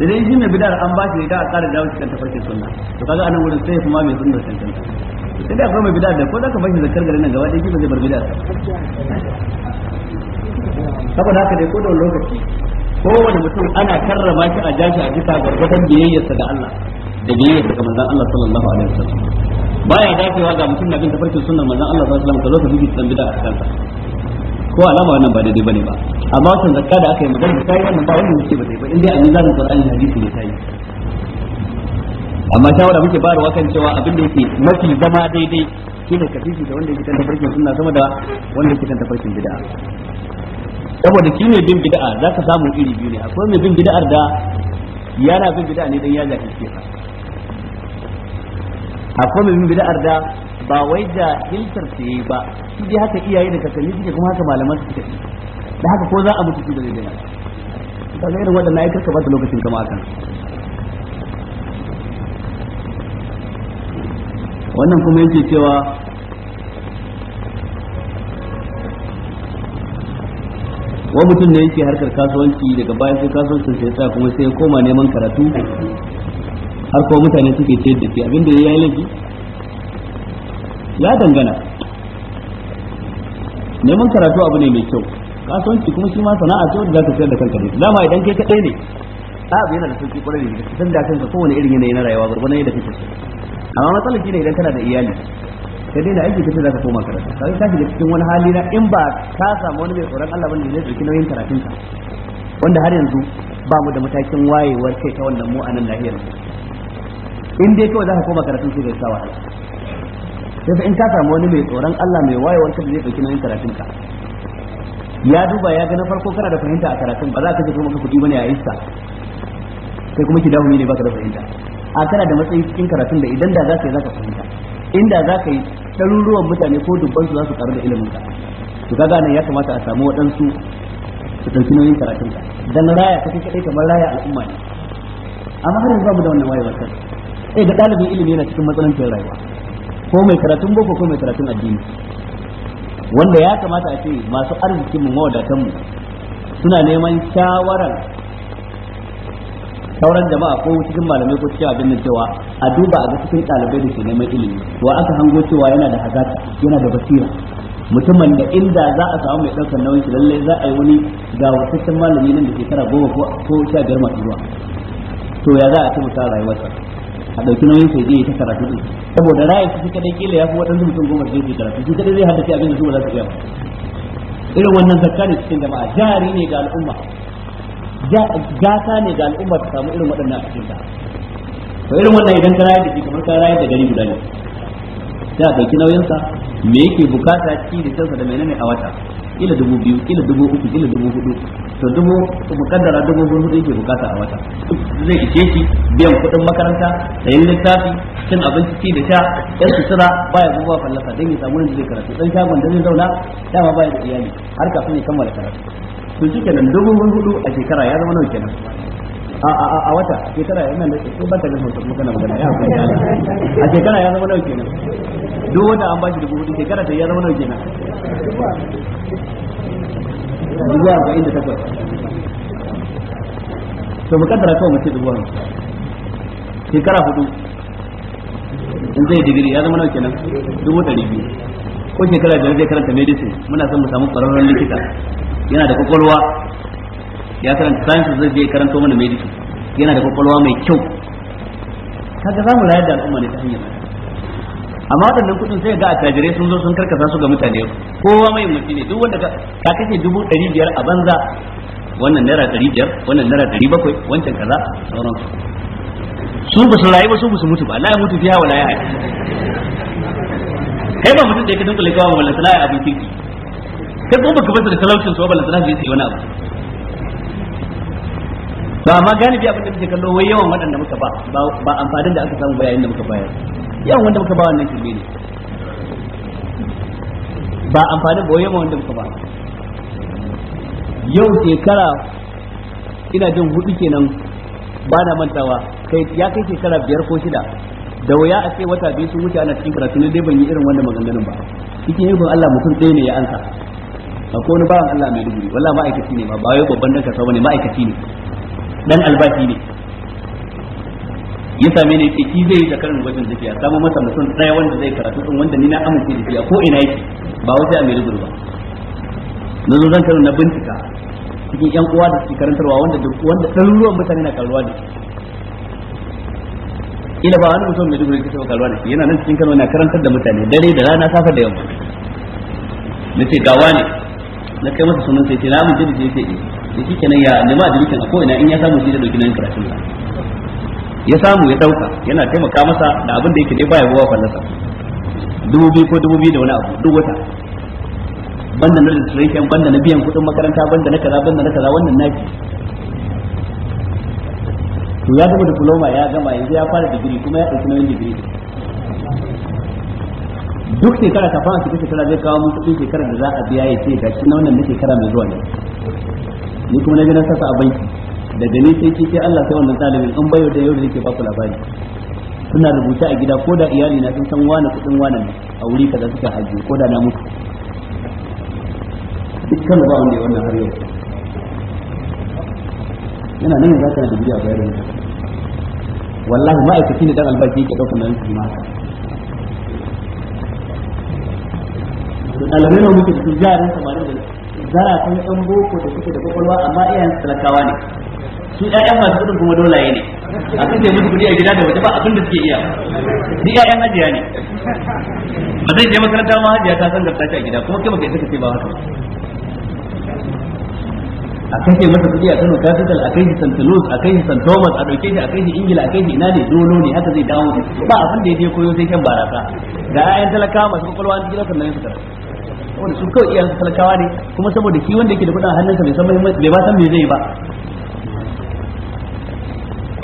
da dai jinna bidar an ba shi ne da a da dawo kan tafarki sunna to kaga anan wurin sai kuma mai sunna canta sai da akwai mai bidar da ko da ka bashi zakkar garin nan gaba ɗaya ki ba zai bar bidar saboda haka dai ko da wani lokaci kowane mutum ana karrama shi a jashi a bisa gargadan biyayyarsa ga Allah da biyayyarsa ga manzon Allah sallallahu alaihi wasallam baya dacewa ga mutum na bin tafarkin sunnar manzon Allah sallallahu alaihi wasallam ka zo ka bi san bid'a a kanta ko alama wannan ba daidai bane ba amma wannan zakka da aka yi magana ta yi wannan ba wannan yake ba dai ba indai annabi zan Qur'ani hadisi ne sai amma shawara muke bayarwa kan cewa abin da yake mafi zama daidai shine ka da wanda yake kan tafarkin sunna sama da wanda yake kan tafarkin bid'a saboda shi mai bin bid'a za ka samu iri biyu ne akwai mai bin bid'ar da yana bin bid'a ne dan ya zaki ka akwai mai bin bid'ar da ba wai da hiltar ta yi ba shi dai haka iyaye da kakanni suke kuma haka malaman su suke da haka ko za a mutu shi da zai daina ka ga irin wadannan aikar ka ba ta lokacin kama akan wannan kuma yake cewa wa mutum ne yake harkar kasuwanci daga bayan sai kasuwanci sai sa kuma sai koma neman karatu har kuma mutane suke ce da shi abinda ya yi laifi ya dangana neman karatu abu ne mai kyau kasuwanci kuma shi ma sana'a ce wanda zaka sayar da kanka ne dama idan kai kadai ne a abu yana da sauki kwarai da gaske san da kanka kowane irin yanayi na rayuwa gurgunan yadda kake so amma matsalar shine idan kana da iyali ka daina aiki kace zaka koma karatu kaga ka shiga cikin wani hali na in ba ka samu wani mai tsoron Allah bane zai dauki nauyin karatun ka wanda har yanzu ba mu da matakin wayewar kai ta wannan mu a nan lahiyar in dai kawai zaka koma karatun sai ga sawa sai fa in ka samu wani mai tsoron Allah mai wayewar kai zai dauki nauyin karatun ka ya duba ya ga na farko kana da fahimta a karatun ba za ka je kuma ka kudi bane a iska sai kuma ki dawo ne baka da fahimta a kana da matsayi cikin karatun da idan da za ka yi za ka fahimta inda za ka yi ɗaruruwan mutane ko dubban su za su karu da ilimin ka to kaga nan ya kamata a samu waɗansu su ɗauki nauyin karatun ka dan raya kake kaɗai kamar raya al'umma ne amma har yanzu babu da wannan wayewar kai eh ga ɗalibin ilimi yana cikin matsalancin rayuwa ko mai karatun boko ko mai karatun addini wanda ya kamata a ce masu arzikin mu mawadatan mu suna neman shawarar sauran jama'a ko cikin malamai ko cikin abin da cewa a duba a ga cikin ɗalibai da ke neman ilimi wa aka hango cewa yana da hazaka yana da basira mutumin da inda za a samu mai ɗaukar nauyin shi lallai za a yi wani ga wasaccen malami nan da shekara goma ko sha biyar masu zuwa to ya za a taimaka rayuwarsa a ɗauki nauyin sai zai ta karatu ɗin saboda ra'ayi su kadai kila ya fi waɗansu mutum goma zai yi karatu su kaɗai zai haddace abin da su ba za su iya irin wannan zakka ne cikin jama'a jari ne ga al'umma gata ne ga al'umma ta samu irin waɗannan a cikin ta to irin wannan idan ka rayar da shi kamar ka rayar da gari guda ne sai a ɗauki nauyinsa me yake bukata ci da kansa da menene a wata kila dubu biyu kila dubu uku kila dubu hudu to dubu mukaddara dubu hudu yake bukata a wata zai ishe shi biyan kuɗin makaranta sayan littafi cin abinci ci da sha yan sutura baya buwa fallasa don ya samu wanda zai karatu dan shagon da zai zauna dama baya da iyali har kafin ya kammala karatu to shi kenan dubu hudu a shekara ya zama nawa kenan a a a wata shekara yana da ba ta da hoto kuma kana magana ya ya a shekara ya zama nawa kenan duk wanda an bashi dubu hudu shekara ta ya zama nawa kenan dubu arba'in da takwas to mu kaddara kawai mace dubu hamsin shekara hudu in zai digiri ya zama nawa kenan dubu ɗari biyu ko shekara da zai karanta medicine muna son mu samu kwararren likita yana da kwakwalwa ya karanta sayansu zai je karanto mana medicine yana da kwakwalwa mai kyau kaga za mu rayar da al'umma ne ta hanyar amma waɗannan kuɗin sai ga attajirai sun zo sun karkasa su ga mutane kowa mai mutum ne duk wanda ka kashe dubu ɗari biyar a banza wannan naira ɗari biyar wannan naira ɗari bakwai wancan kaza sauran su ba su rayu ba su ba su mutu ba la ya mutu fiya wa la ya kai ba mutum da ya ka dunkule kawai ba balantana ya abin kirki sai kuma baka fasa da talaucin su ba balantana su yi wani abu ba ma galibi abin da muke kallo wai yawan waɗanda muka ba ba amfanin da aka samu ba yayin da muka bayar yawan wanda muka ba wannan kirbi ne ba amfanin ba yawan wanda muka ba yau shekara ina jin hudu kenan ba na mantawa kai ya kai shekara biyar ko shida da wuya a ce wata biyu sun wuce ana cikin karatu ne dai ban yi irin wanda maganganun ba cikin yin Allah mutum ɗaya ne ya ansa akwai wani bawan Allah mai duburi wallahi ma'aikaci ne ba ba wai babban dan kasuwa bane ma'aikaci ne dan albashi ne ya same ni ce ki zai yi zakarin gwajin zaki a samu masa mutum ɗaya wanda zai karatu din wanda ni na amince da shi ko ina yake ba wai ya a Maiduguri ba na zo zan na bincika cikin yan uwa da suke karantarwa wanda wanda ɗaruruwan mutane na karuwa da shi. ila ba wani mutum Maiduguri ke taɓa karuwa da shi yana nan cikin Kano na karantar da mutane dare da rana safar da yamma nace gawa ne na kai masa sunan sai ce na amince da shi sai da shi kenan ya nema admission a ko'ina in ya samu shi da dauki nan karatun sa ya samu ya dauka yana taimaka masa da abin da yake dai baya bawa kwallasa dubu biyu ko dubu biyu da wani abu duk wata banda na registration banda na biyan kudin makaranta banda na kaza banda na kaza wannan naki to ya gama diploma ya gama yanzu ya fara digiri kuma ya dauki nauyin digiri duk shekara ta fara cikin shekara zai kawo mun cikin shekarar da za a biya ya ce shi na wannan na shekara mai zuwa ne ni kuma na ga na sasa a banki daga ni sai kike Allah sai wannan talibin an bayo da yau da yake baku labari suna rubuta a gida ko da iyali na sun san wani kuɗin wani a wuri kaza suka hajji ko da na mutu kan ba wanda ya wannan har yau yana nan za ka da bidiyo a bayar da wallahi ma'aikaci ne dan albashi ke ɗaukar nan su ma ɗalibai ne muke cikin jarin samarin da zara kan ɗan boko da suke da kwakwalwa amma iyayen talakawa ne su ƴaƴan masu kuɗin kuma dolaye ne a kan musu kuɗi a gida da waje ba abin da suke iya ni ƴaƴan hajiya ne ba zai je makaranta ma hajiya ta san gabta a gida kuma kai baka isa ka ce ba haka a kashe masa kuɗi a Kano Capital a kai shi St. Louis a kai shi St. Thomas a ɗauke shi a kai shi Ingila a kai shi ina ne dolo ne haka zai dawo ba abin da ya je koyo sai kan barasa ga 'ya'yan talakawa masu kwakwalwa an cikin lokacin ya fitar wanda su kawai iyayen talakawa ne kuma saboda shi wanda yake da kudin hannunsa bai san muhimmanci bai ba san me zai ba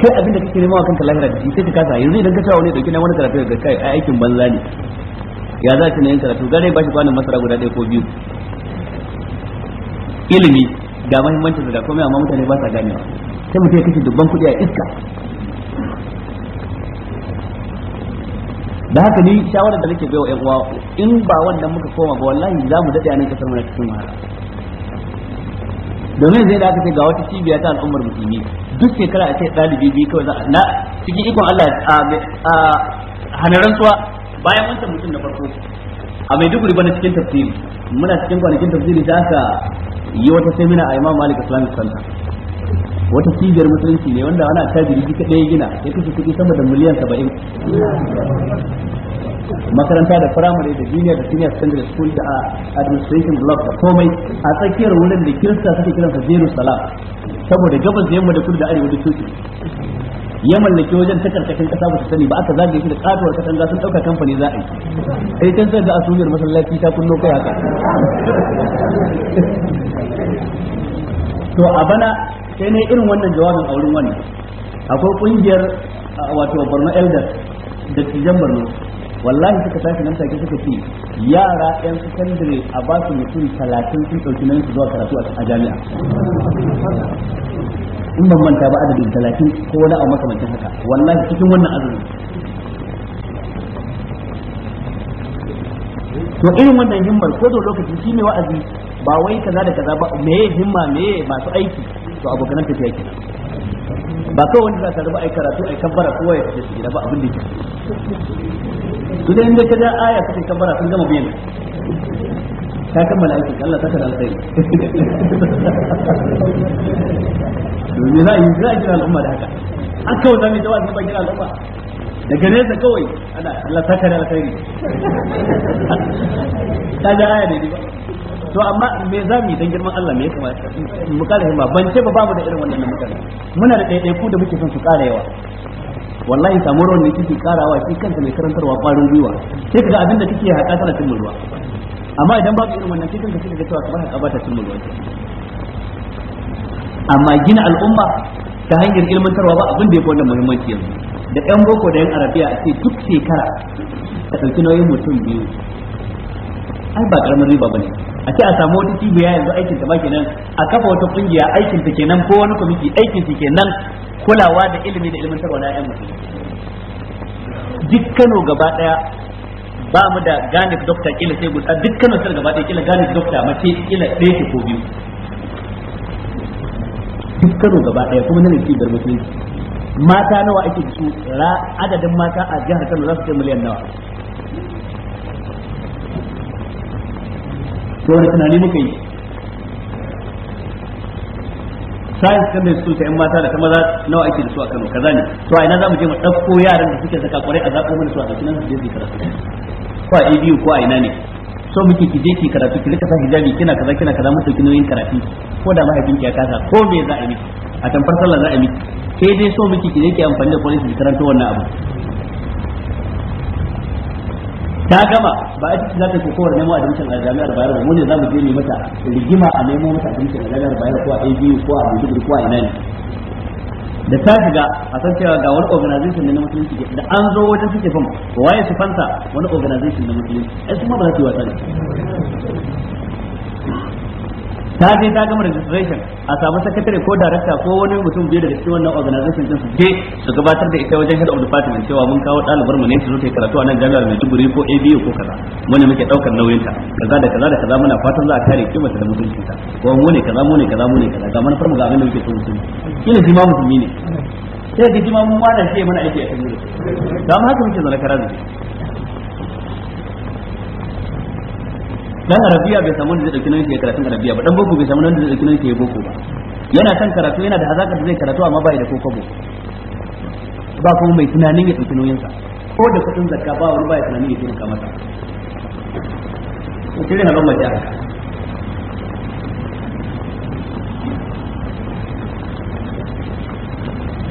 kai abin da kake nema kanta kanka lahira da shi sai ka kasa yanzu idan ka cewa ne dauki na wani karatu da kai a aikin banza ne ya za ki ne yin karatu gare ba shi kwanan masara guda ɗaya ko biyu ilimi da muhimmancin da komai amma mutane ba sa ganewa sai mutum ya kashe dubban kuɗi a iska da haka ni shawarar da nake baiwa yan uwa in ba wannan muka koma ba wallahi za mu dade a nan kasar mana cikin wahala domin zai da aka ga wata cibiya ta al'ummar musulmi duk shekara a ce ɗalibi biyu kawai za na cikin ikon Allah a hanaran tsuwa bayan wancan mutum na farko a mai duk riba na cikin tafsiri muna cikin kwanakin tafsiri da aka yi wata semina a Imam Malik Islamic Center wata cibiyar musulunci ne wanda ana wani jirgi ta ɗaya gina ya kashe kuɗi sama da miliyan saba'in makaranta da firamare da junior da senior secondary school da administration block da komai a tsakiyar wurin da kirista suke kiransa salam saboda gabas da yamma da kudu da arewa da coci ya mallaki wajen ta karkashin kasa ba su sani ba aka zagaye shi da katuwar katanga sun dauka kamfani za a yi sai can sai ga masallaci ta kunno kai haka to a bana sai ne irin wannan jawabin a wurin wani akwai kungiyar wato Borno elder da Tijan Borno wallahi suka tashi nan take suka ce yara yan secondary a ba su mutum talatin sun ɗauki nan su zuwa karatu a jami'a in ban manta ba adadin talatin ko wani abu makamancin haka wallahi cikin wannan azumi to irin wannan himmar ko da lokaci shi ne wa'azi ba wai kaza da kaza ba meye himma meye masu aiki to abokan tafiya kenan ba kawai wanda za ka raba ai karatu ai kabbara kowa ya tafi gida ba abin da yake su da inda ka ga aya suke kabbara sun gama biyan ta kammala aiki Allah ta kada alkhairi domin za a yi za a al'umma da haka an kawai zami da wani ba kira al'umma daga nesa kawai ana Allah ta kada alkhairi ta ga aya ne ba to amma me za mu yi girma girman Allah me ya kamata mu kala himma ban ce ba babu da irin wannan mutane muna da ku da muke son su ƙara yawa wallahi samu wani da kike karawa shi kanta mai karantarwa ƙwarin gwiwa sai kaga abinda kike haƙa tana cin mulwa amma idan babu irin wannan sai kanka kike cewa kamar haƙa ba ta cin mulwa amma gina al'umma ta hanyar ilmantarwa ba abin da ya da muhimmanci yanzu da ɗan boko da yan arabiya a ce duk shekara ka ɗauki nauyin mutum biyu ai ba ƙaramin riba ba ne a ce a samu wata cibiya yanzu aikin ta ba kenan a kafa wata kungiya aikin ta kenan ko wani kwamiti aikin ta kenan kulawa da ilimi da ilimin tarwa yan mutum. duk Kano gaba daya ba mu da ganik dokta kila sai gusa duk Kano sai gaba daya kila ganik dokta mace kila ɗaya ce ko biyu duk Kano gaba daya kuma nan ci bar musulunci mata nawa ake da su adadin mata a jihar Kano za su kai miliyan nawa sai wani tunani muka yi sayan secondary da ta yan mata da ta maza nawa ake da su a Kano kaza ne to a ina za mu je mu dauko yaran da suke saka kwarai a zaɓo mana su a cikin nan su je su karatu ko a ABU ko a ina ne so muke ki je ki karatu ki rika sa hijabi kina kaza kina kaza mun ɗauki nauyin karatu ko da mahaifinki ya kasa ko me za a yi miki a tamfar sallah za a yi miki sai dai so muke ki je ki amfani da policy ki karanto wannan abu ta gama ba ita za ta kokowar nemo admission a jami'ar bayar mu ne za mu je ne mata rigima a nemo mata admission a jami'ar bayar ko a ABU ko a Maiduguri ko a ina ne da ta shiga a san cewa ga wani organization ne na musulunci da an zo wajen suke fam waye su fanta wani organization na musulunci ai ba za su wasa ne. ta je ta gama registration a samu sakatare ko darakta ko wani mutum biyu daga cikin wannan organization din su je su gabatar da ita wajen head of department cewa mun kawo ɗalibar mu ne su zo ta karatu a nan jami'ar Maiduguri ko ABU ko kaza mun muke daukar nauyin ta kaza da kaza da kaza muna fatan za a kare kimar da mutuncin ta ko mu ne kaza mu ne kaza mu ne kaza ga manufar mu ga abin da muke so mu kila shi ma musulmi ne sai ga jima mun ma da sai mana aiki a cikin mu da haka muke zana da dan arabiya bai samu da zai dauki nan shi karatun arabiya ba dan boko bai samu nan da zai dauki nan shi boko ba yana san karatu yana da hazaka da zai karatu amma bai da kokobo ba kuma mai tunanin ya dauki nauyin sa ko da kudin zakka ba wani bai tunanin ya taimaka masa ko kire na ban mata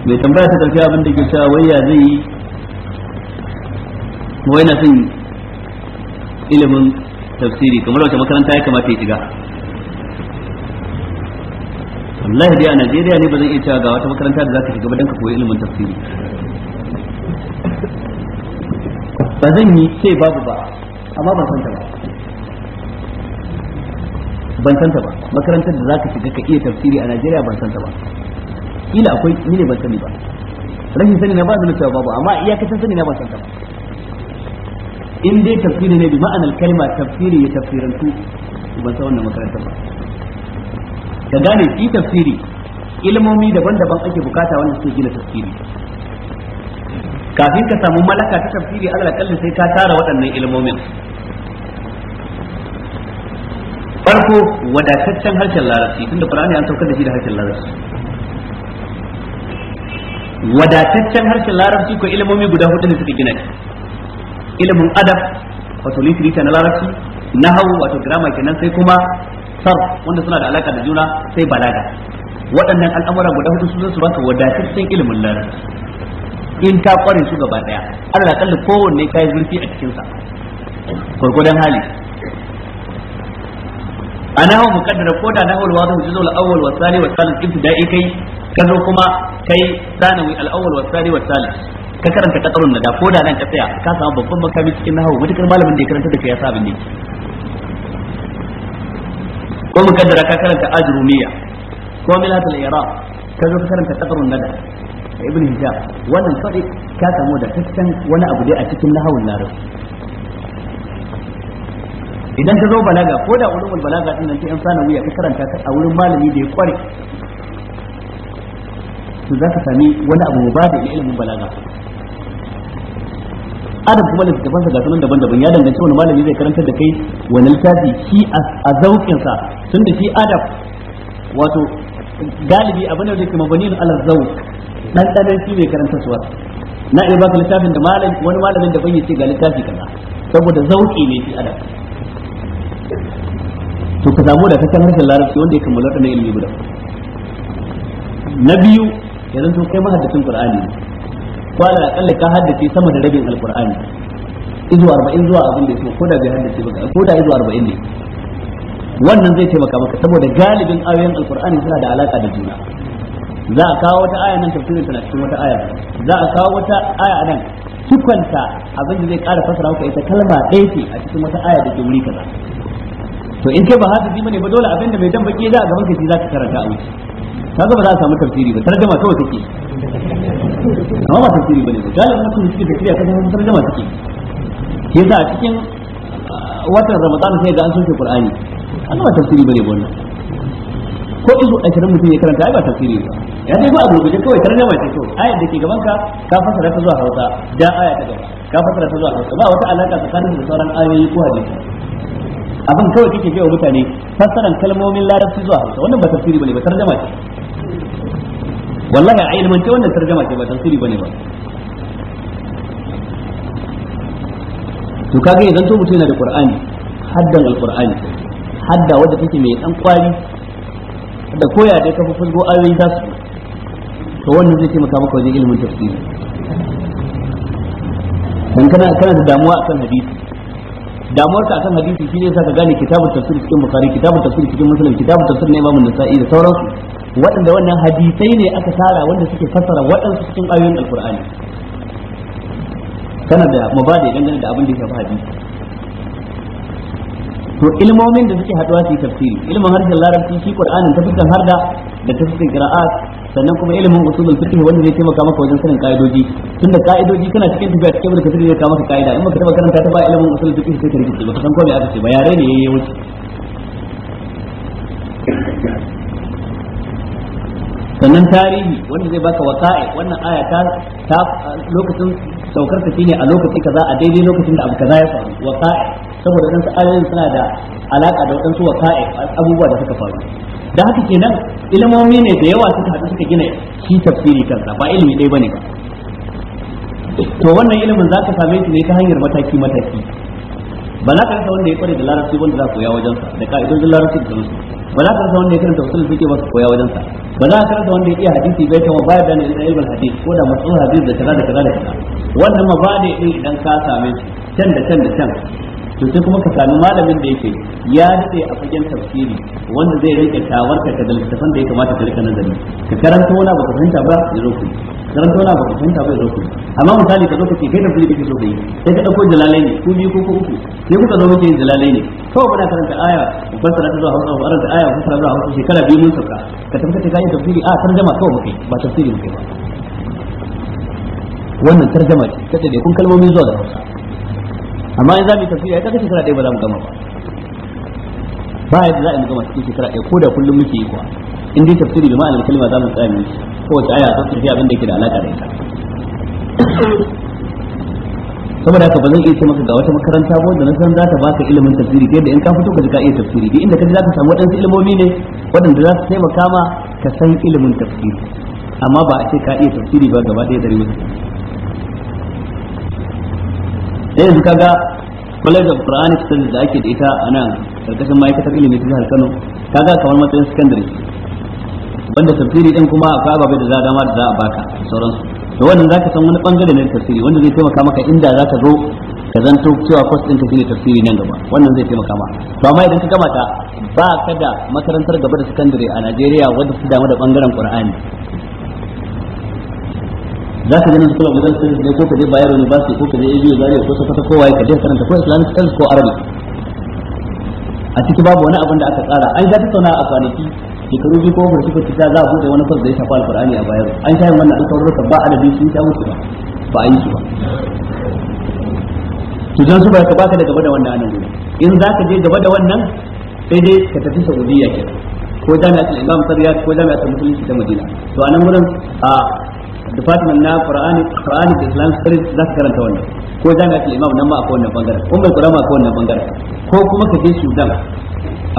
mai tambaya ta dauki abin da ke cewa waya zai yi wai na son ilimin tafsiri kamar wace makaranta ya kamata ya shiga wallahi dai a Najeriya ne ba zan iya cewa ga wata makaranta da za ka shiga ba dan ka koyi ilimin tafsiri ba zan yi sai babu ba amma ban santa ba ban santa ba makarantar da za ka shiga ka iya tafsiri a Najeriya ban santa ba kila akwai ni ne ban sani ba rashin sani na ba zan cewa babu amma iyakacin sani na ban santa ba in dai tafsiri ne bi ma'anar kalma tafsiri ya tafsirantu ban san wannan makarantar ba ka gane shi tafsiri ilmomi daban-daban ake bukata wanda suke gina tafsiri kafin ka samu malaka ta tafsiri ala kalli sai ka tara waɗannan ilmomin farko wadataccen harshen larabci tunda qur'ani an saukar da shi da harshen larabci wadataccen harshen larabci ko ilmomi guda hudu ne suka gina shi ilimin adab wato litirita na larabci nahawu wato grammar kenan sai kuma sarf wanda suna da alaka da juna sai balaga waɗannan al'amura guda hudu su su baka wadataccen ilimin larabci in ta kware su gaba daya Allah kalli kowanne kai zurfi a cikin sa gurgudan hali a nahawar mukaddara ko da nahawar wa zan juzul awwal wa sani wa salis ibtida'i kai kazo kuma kai sanawi awwal wa sani wa ka karanta katarun da ko da nan ka tsaya ka samu babban makami cikin nahawu matukar malamin da ya karanta da kai ya sa abin ne. yake ko mukaddara ka karanta ajrumiya ko milatul i'rab ka zo ka karanta katarun nada ibn hijab wannan kawai ka samu da tattan wani abu dai a cikin nahawun larabci idan ka zo balaga ko da ulumul balaga din nan sai an sana wuya ka karanta ta a wurin malami da ya kware to za ka sami wani abu ba da ilimin balaga adam kuma littafin sa ga sunan daban-daban ya danganci wani malami zai karantar da kai wani littafi shi a zaukin sa tun da shi adam wato galibi abin da yake mabanin alal zauk dan dan shi mai karantar suwa na iya baka littafin da malami wani malamin daban yace ga littafi kaza saboda zauki ne shi adam to ka samu da kasan harshen larabci wanda ya kammala da na ilimi guda na biyu yanzu to kai mahaddacin qur'ani ne kwana kalli ka haddace sama da rabin alkur'ani izuwa arba'in zuwa abin da yake ko da bai haddace ba ko da izuwa arba'in ne wannan zai taimaka maka saboda galibin ayoyin alkur'ani suna da alaka da juna za a kawo wata aya nan tafsirin tana cikin wata aya za a kawo wata aya nan tukwanta abin da zai ƙara fasara maka ita kalma ɗaya ce a cikin wata aya da ke wuri kaza to in kai ba ji bane ba dole abin da mai dan baki za a gaban ka shi za ka karanta a wuce kaga ba za a samu tafsiri ba tarjuma kawai take amma ba tafsiri bane ba galibin mutum suke tafiya kan hausa tarjama suke ke sa a cikin ah, watan ramadan sai ga an soke qur'ani an ba tafsiri bane ba wannan ko izu 20 mutum ya karanta ai ba tafsiri ba ya dai ba abu da kawai tarjama ce to ayat da ke gaban ka ka fasara ta zuwa hausa da aya ta gaba ka fasara ta zuwa hausa ba wata alaka tsakanin da sauran ayoyi ko hadisi abin kawai kake ga mutane fasaran kalmomin larabci zuwa hausa wannan ba tafsiri bane ba tarjama ce wallahi a ilmance wannan tarjama ce ba tafsiri bane ba to kage idan to mutum yana da qur'ani haddan alqur'ani hadda wanda take mai dan kwari da koya dai kafa fulgo ayoyi da su to wannan zai taimaka maka wajen ilimin tafsiri dan kana kana da damuwa akan hadisi damuwar ka akan hadisi shine sa ka gane kitabun tafsir cikin bukhari kitabun tafsir cikin muslim kitabun tafsir na imamu nasa'i da sauransu waɗanda wannan hadisai ne aka tara wanda suke fassara waɗansu cikin ayoyin alkur'ani kana da mubadi dangane da abin da ya shafi hadisi to ilmomin da suke haɗuwa su yi tafsiri ilmin harshen larabci shi qur'anin ta fuskan harda da ta fuskan qira'at sannan kuma ilmin usulul fiqh wanda zai taimaka maka wajen sanin ka'idoji tunda ka'idoji kana cikin tafiya cikin da kafiri zai kawo maka ka'ida in baka taba karanta ta ba ilmin usulul fiqh sai ka rikice ba san ko me aka ce ba yare ne yayi wuce sannan tarihi wanda zai baka wasa'i wannan aya ta lokacin saukar ta shine a lokaci kaza a daidai lokacin da abu kaza ya faru wasa'i saboda dan ayoyin suna da alaka da wadansu wasa'i abubuwa da suka faru da haka kenan ilmomi ne da yawa suka hadu suka gina shi tafsiri kansa ba ilimi ɗaya bane ba to wannan ilimin zaka same shi ne ta hanyar mataki mataki ba za ka rasa wanda ya kware da larabci wanda za ku ya wajensa da ka'idojin larabci da su ba za ka rasa wanda ya karanta usul fiqh ba su koya wajen sa ba za ka karanta wanda ya iya hadisi bai kama baya da ilmin ilmin hadis ko da matsalar hadis da kaza da kaza da kaza wannan ma ba da idan ka same shi can da can da can to sai kuma ka sami malamin da yake ya dace a fagen tafsiri wanda zai rinka tawarka ka da littafin da ya kamata ka rika nazari ka karanta wani ba ka fahimta ba ya zo ku karanta wani ba ka fahimta ba ya zo ku amma misali ka zo ka ce kai tafsiri kake so ka yi sai ka dauko jalalai ne ku biyu ko ku uku sai kuka zo kuke yin jalalai ne kawai muna karanta aya mu fassara ta zuwa hausa mu karanta aya mu fassara zuwa hausa shekara biyu mun sauka ka tabbata ka yi tafsiri a tarjama kawai mu kai ba tafsiri mu ba wannan tarjama ce ta kun kalmomi zuwa da hausa amma in za mu yi tafsiri kaga shekara ɗaya ba za mu gama ba ba yadda za a yi gama cikin shekara ɗaya ko da kullum muke yi kuwa in dai tafsiri bi ma'anar kalma za mu tsaya ko wace aya ta tafi abin da yake da alaka da ita saboda haka ba zan iya ce maka ga wata makaranta ko da na san za ta baka ilimin tafsiri yadda in ka fito ka ji ka iya tafsiri duk inda ka ji za ka samu waɗansu ilimomi ne waɗanda za su taimaka ma ka san ilimin tafsiri amma ba a ce ka iya tafsiri ba gaba ɗaya ɗari mutum dan yanzu kaga college of quranic studies da ake da ita a nan karkashin ma'aikatar ilimi ta jihar kano kaga kamar matsayin secondary wanda tafsiri din kuma akwai ababe da za dama da za a baka sauransu da wannan zaka san wani bangare ne tafsiri wanda zai taimaka maka inda za ka zo ka zanto cewa kwas ɗinka tafsiri tafsiri nan gaba wannan zai taimaka ma to amma idan ka gama ta ba ka da makarantar gaba da secondary a Najeriya wadda su damu da bangaren Qur'ani za ka ganin kula gudan sun ne ko ka je bayar university ko ka je abu zaria ko sokoto ko ya ka je karanta ko islamic Health ko arabic a ciki babu wani abin da aka tsara an ga sauna a kwanaki shekaru biyu ko ba su fita za a bude wani kwas da ya shafa alfarani a bayar an yin wannan alƙawarruka ba adadi sun sha musu ba ba a yi su ba to dan su ba ka baka da gaba da wannan anan in za ka je gaba da wannan sai dai ka tafi saudiya kenan ko jami'a ta imam sarriya ko jami'a ta musulunci ta madina to anan wurin a department na Qur'ani Qur'ani da Islam sai za su karanta wannan ko ga Imam nan ma akwai wannan bangaren ummul Qur'ani akwai wannan bangaren ko kuma ka je Sudan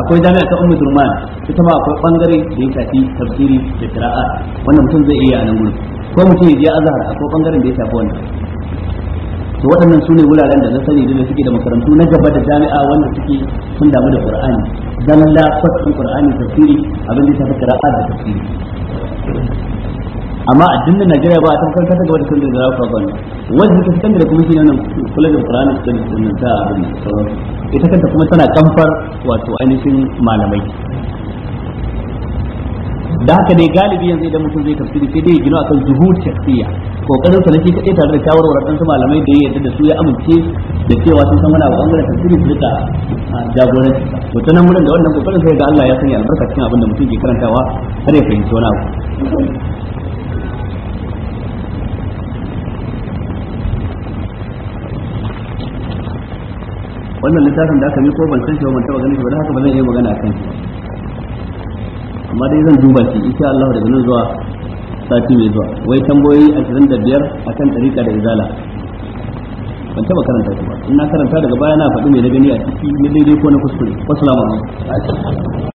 akwai jami'a ta ummu durman ita ma akwai bangare da ya shafi tafsiri da qira'a wannan mutum zai iya a nan gurin ko mutum ya je azhar akwai bangaren da ya shafi wannan to waɗannan ne wuraren da na sani da suke da makarantu na gaba da jami'a wanda suke sun damu da qur'ani dalla fatin qur'ani tafsiri abin da ya shafi qira'a da tafsiri amma a dinnan Najeriya ba a tabbata kanta ga wata kan da zarafa ba ne wanda take cikin da kuma shi nan kula da Qur'ani da sunan ta abin sauran ita kanta kuma tana kamfar wato ainihin malamai da haka dai galibi yanzu idan mutum zai tafsiri sai dai ya gino akan zuhur shakhsiya kokarin sa nake kadai tare da shawarwar dan su malamai da ya da su ya amince da cewa sun san wani abu bangaren tafsiri su rika jagoranci to ta nan wurin da wannan kokarin sai ga Allah ya sanya albarka cikin abin da mutum ke karantawa har ya fahimci wani abu wannan littafin da aka ko ban san shi ba ban taba ganin shi ba haka ba zan yi magana kan shi amma dai zan duba shi insha Allah daga nan zuwa sati mai zuwa wai tamboyi 25 akan tarika da izala ban taba karanta shi ba in na karanta daga baya na faɗi mai na gani a ciki na daidai ko na kuskure wassalamu alaikum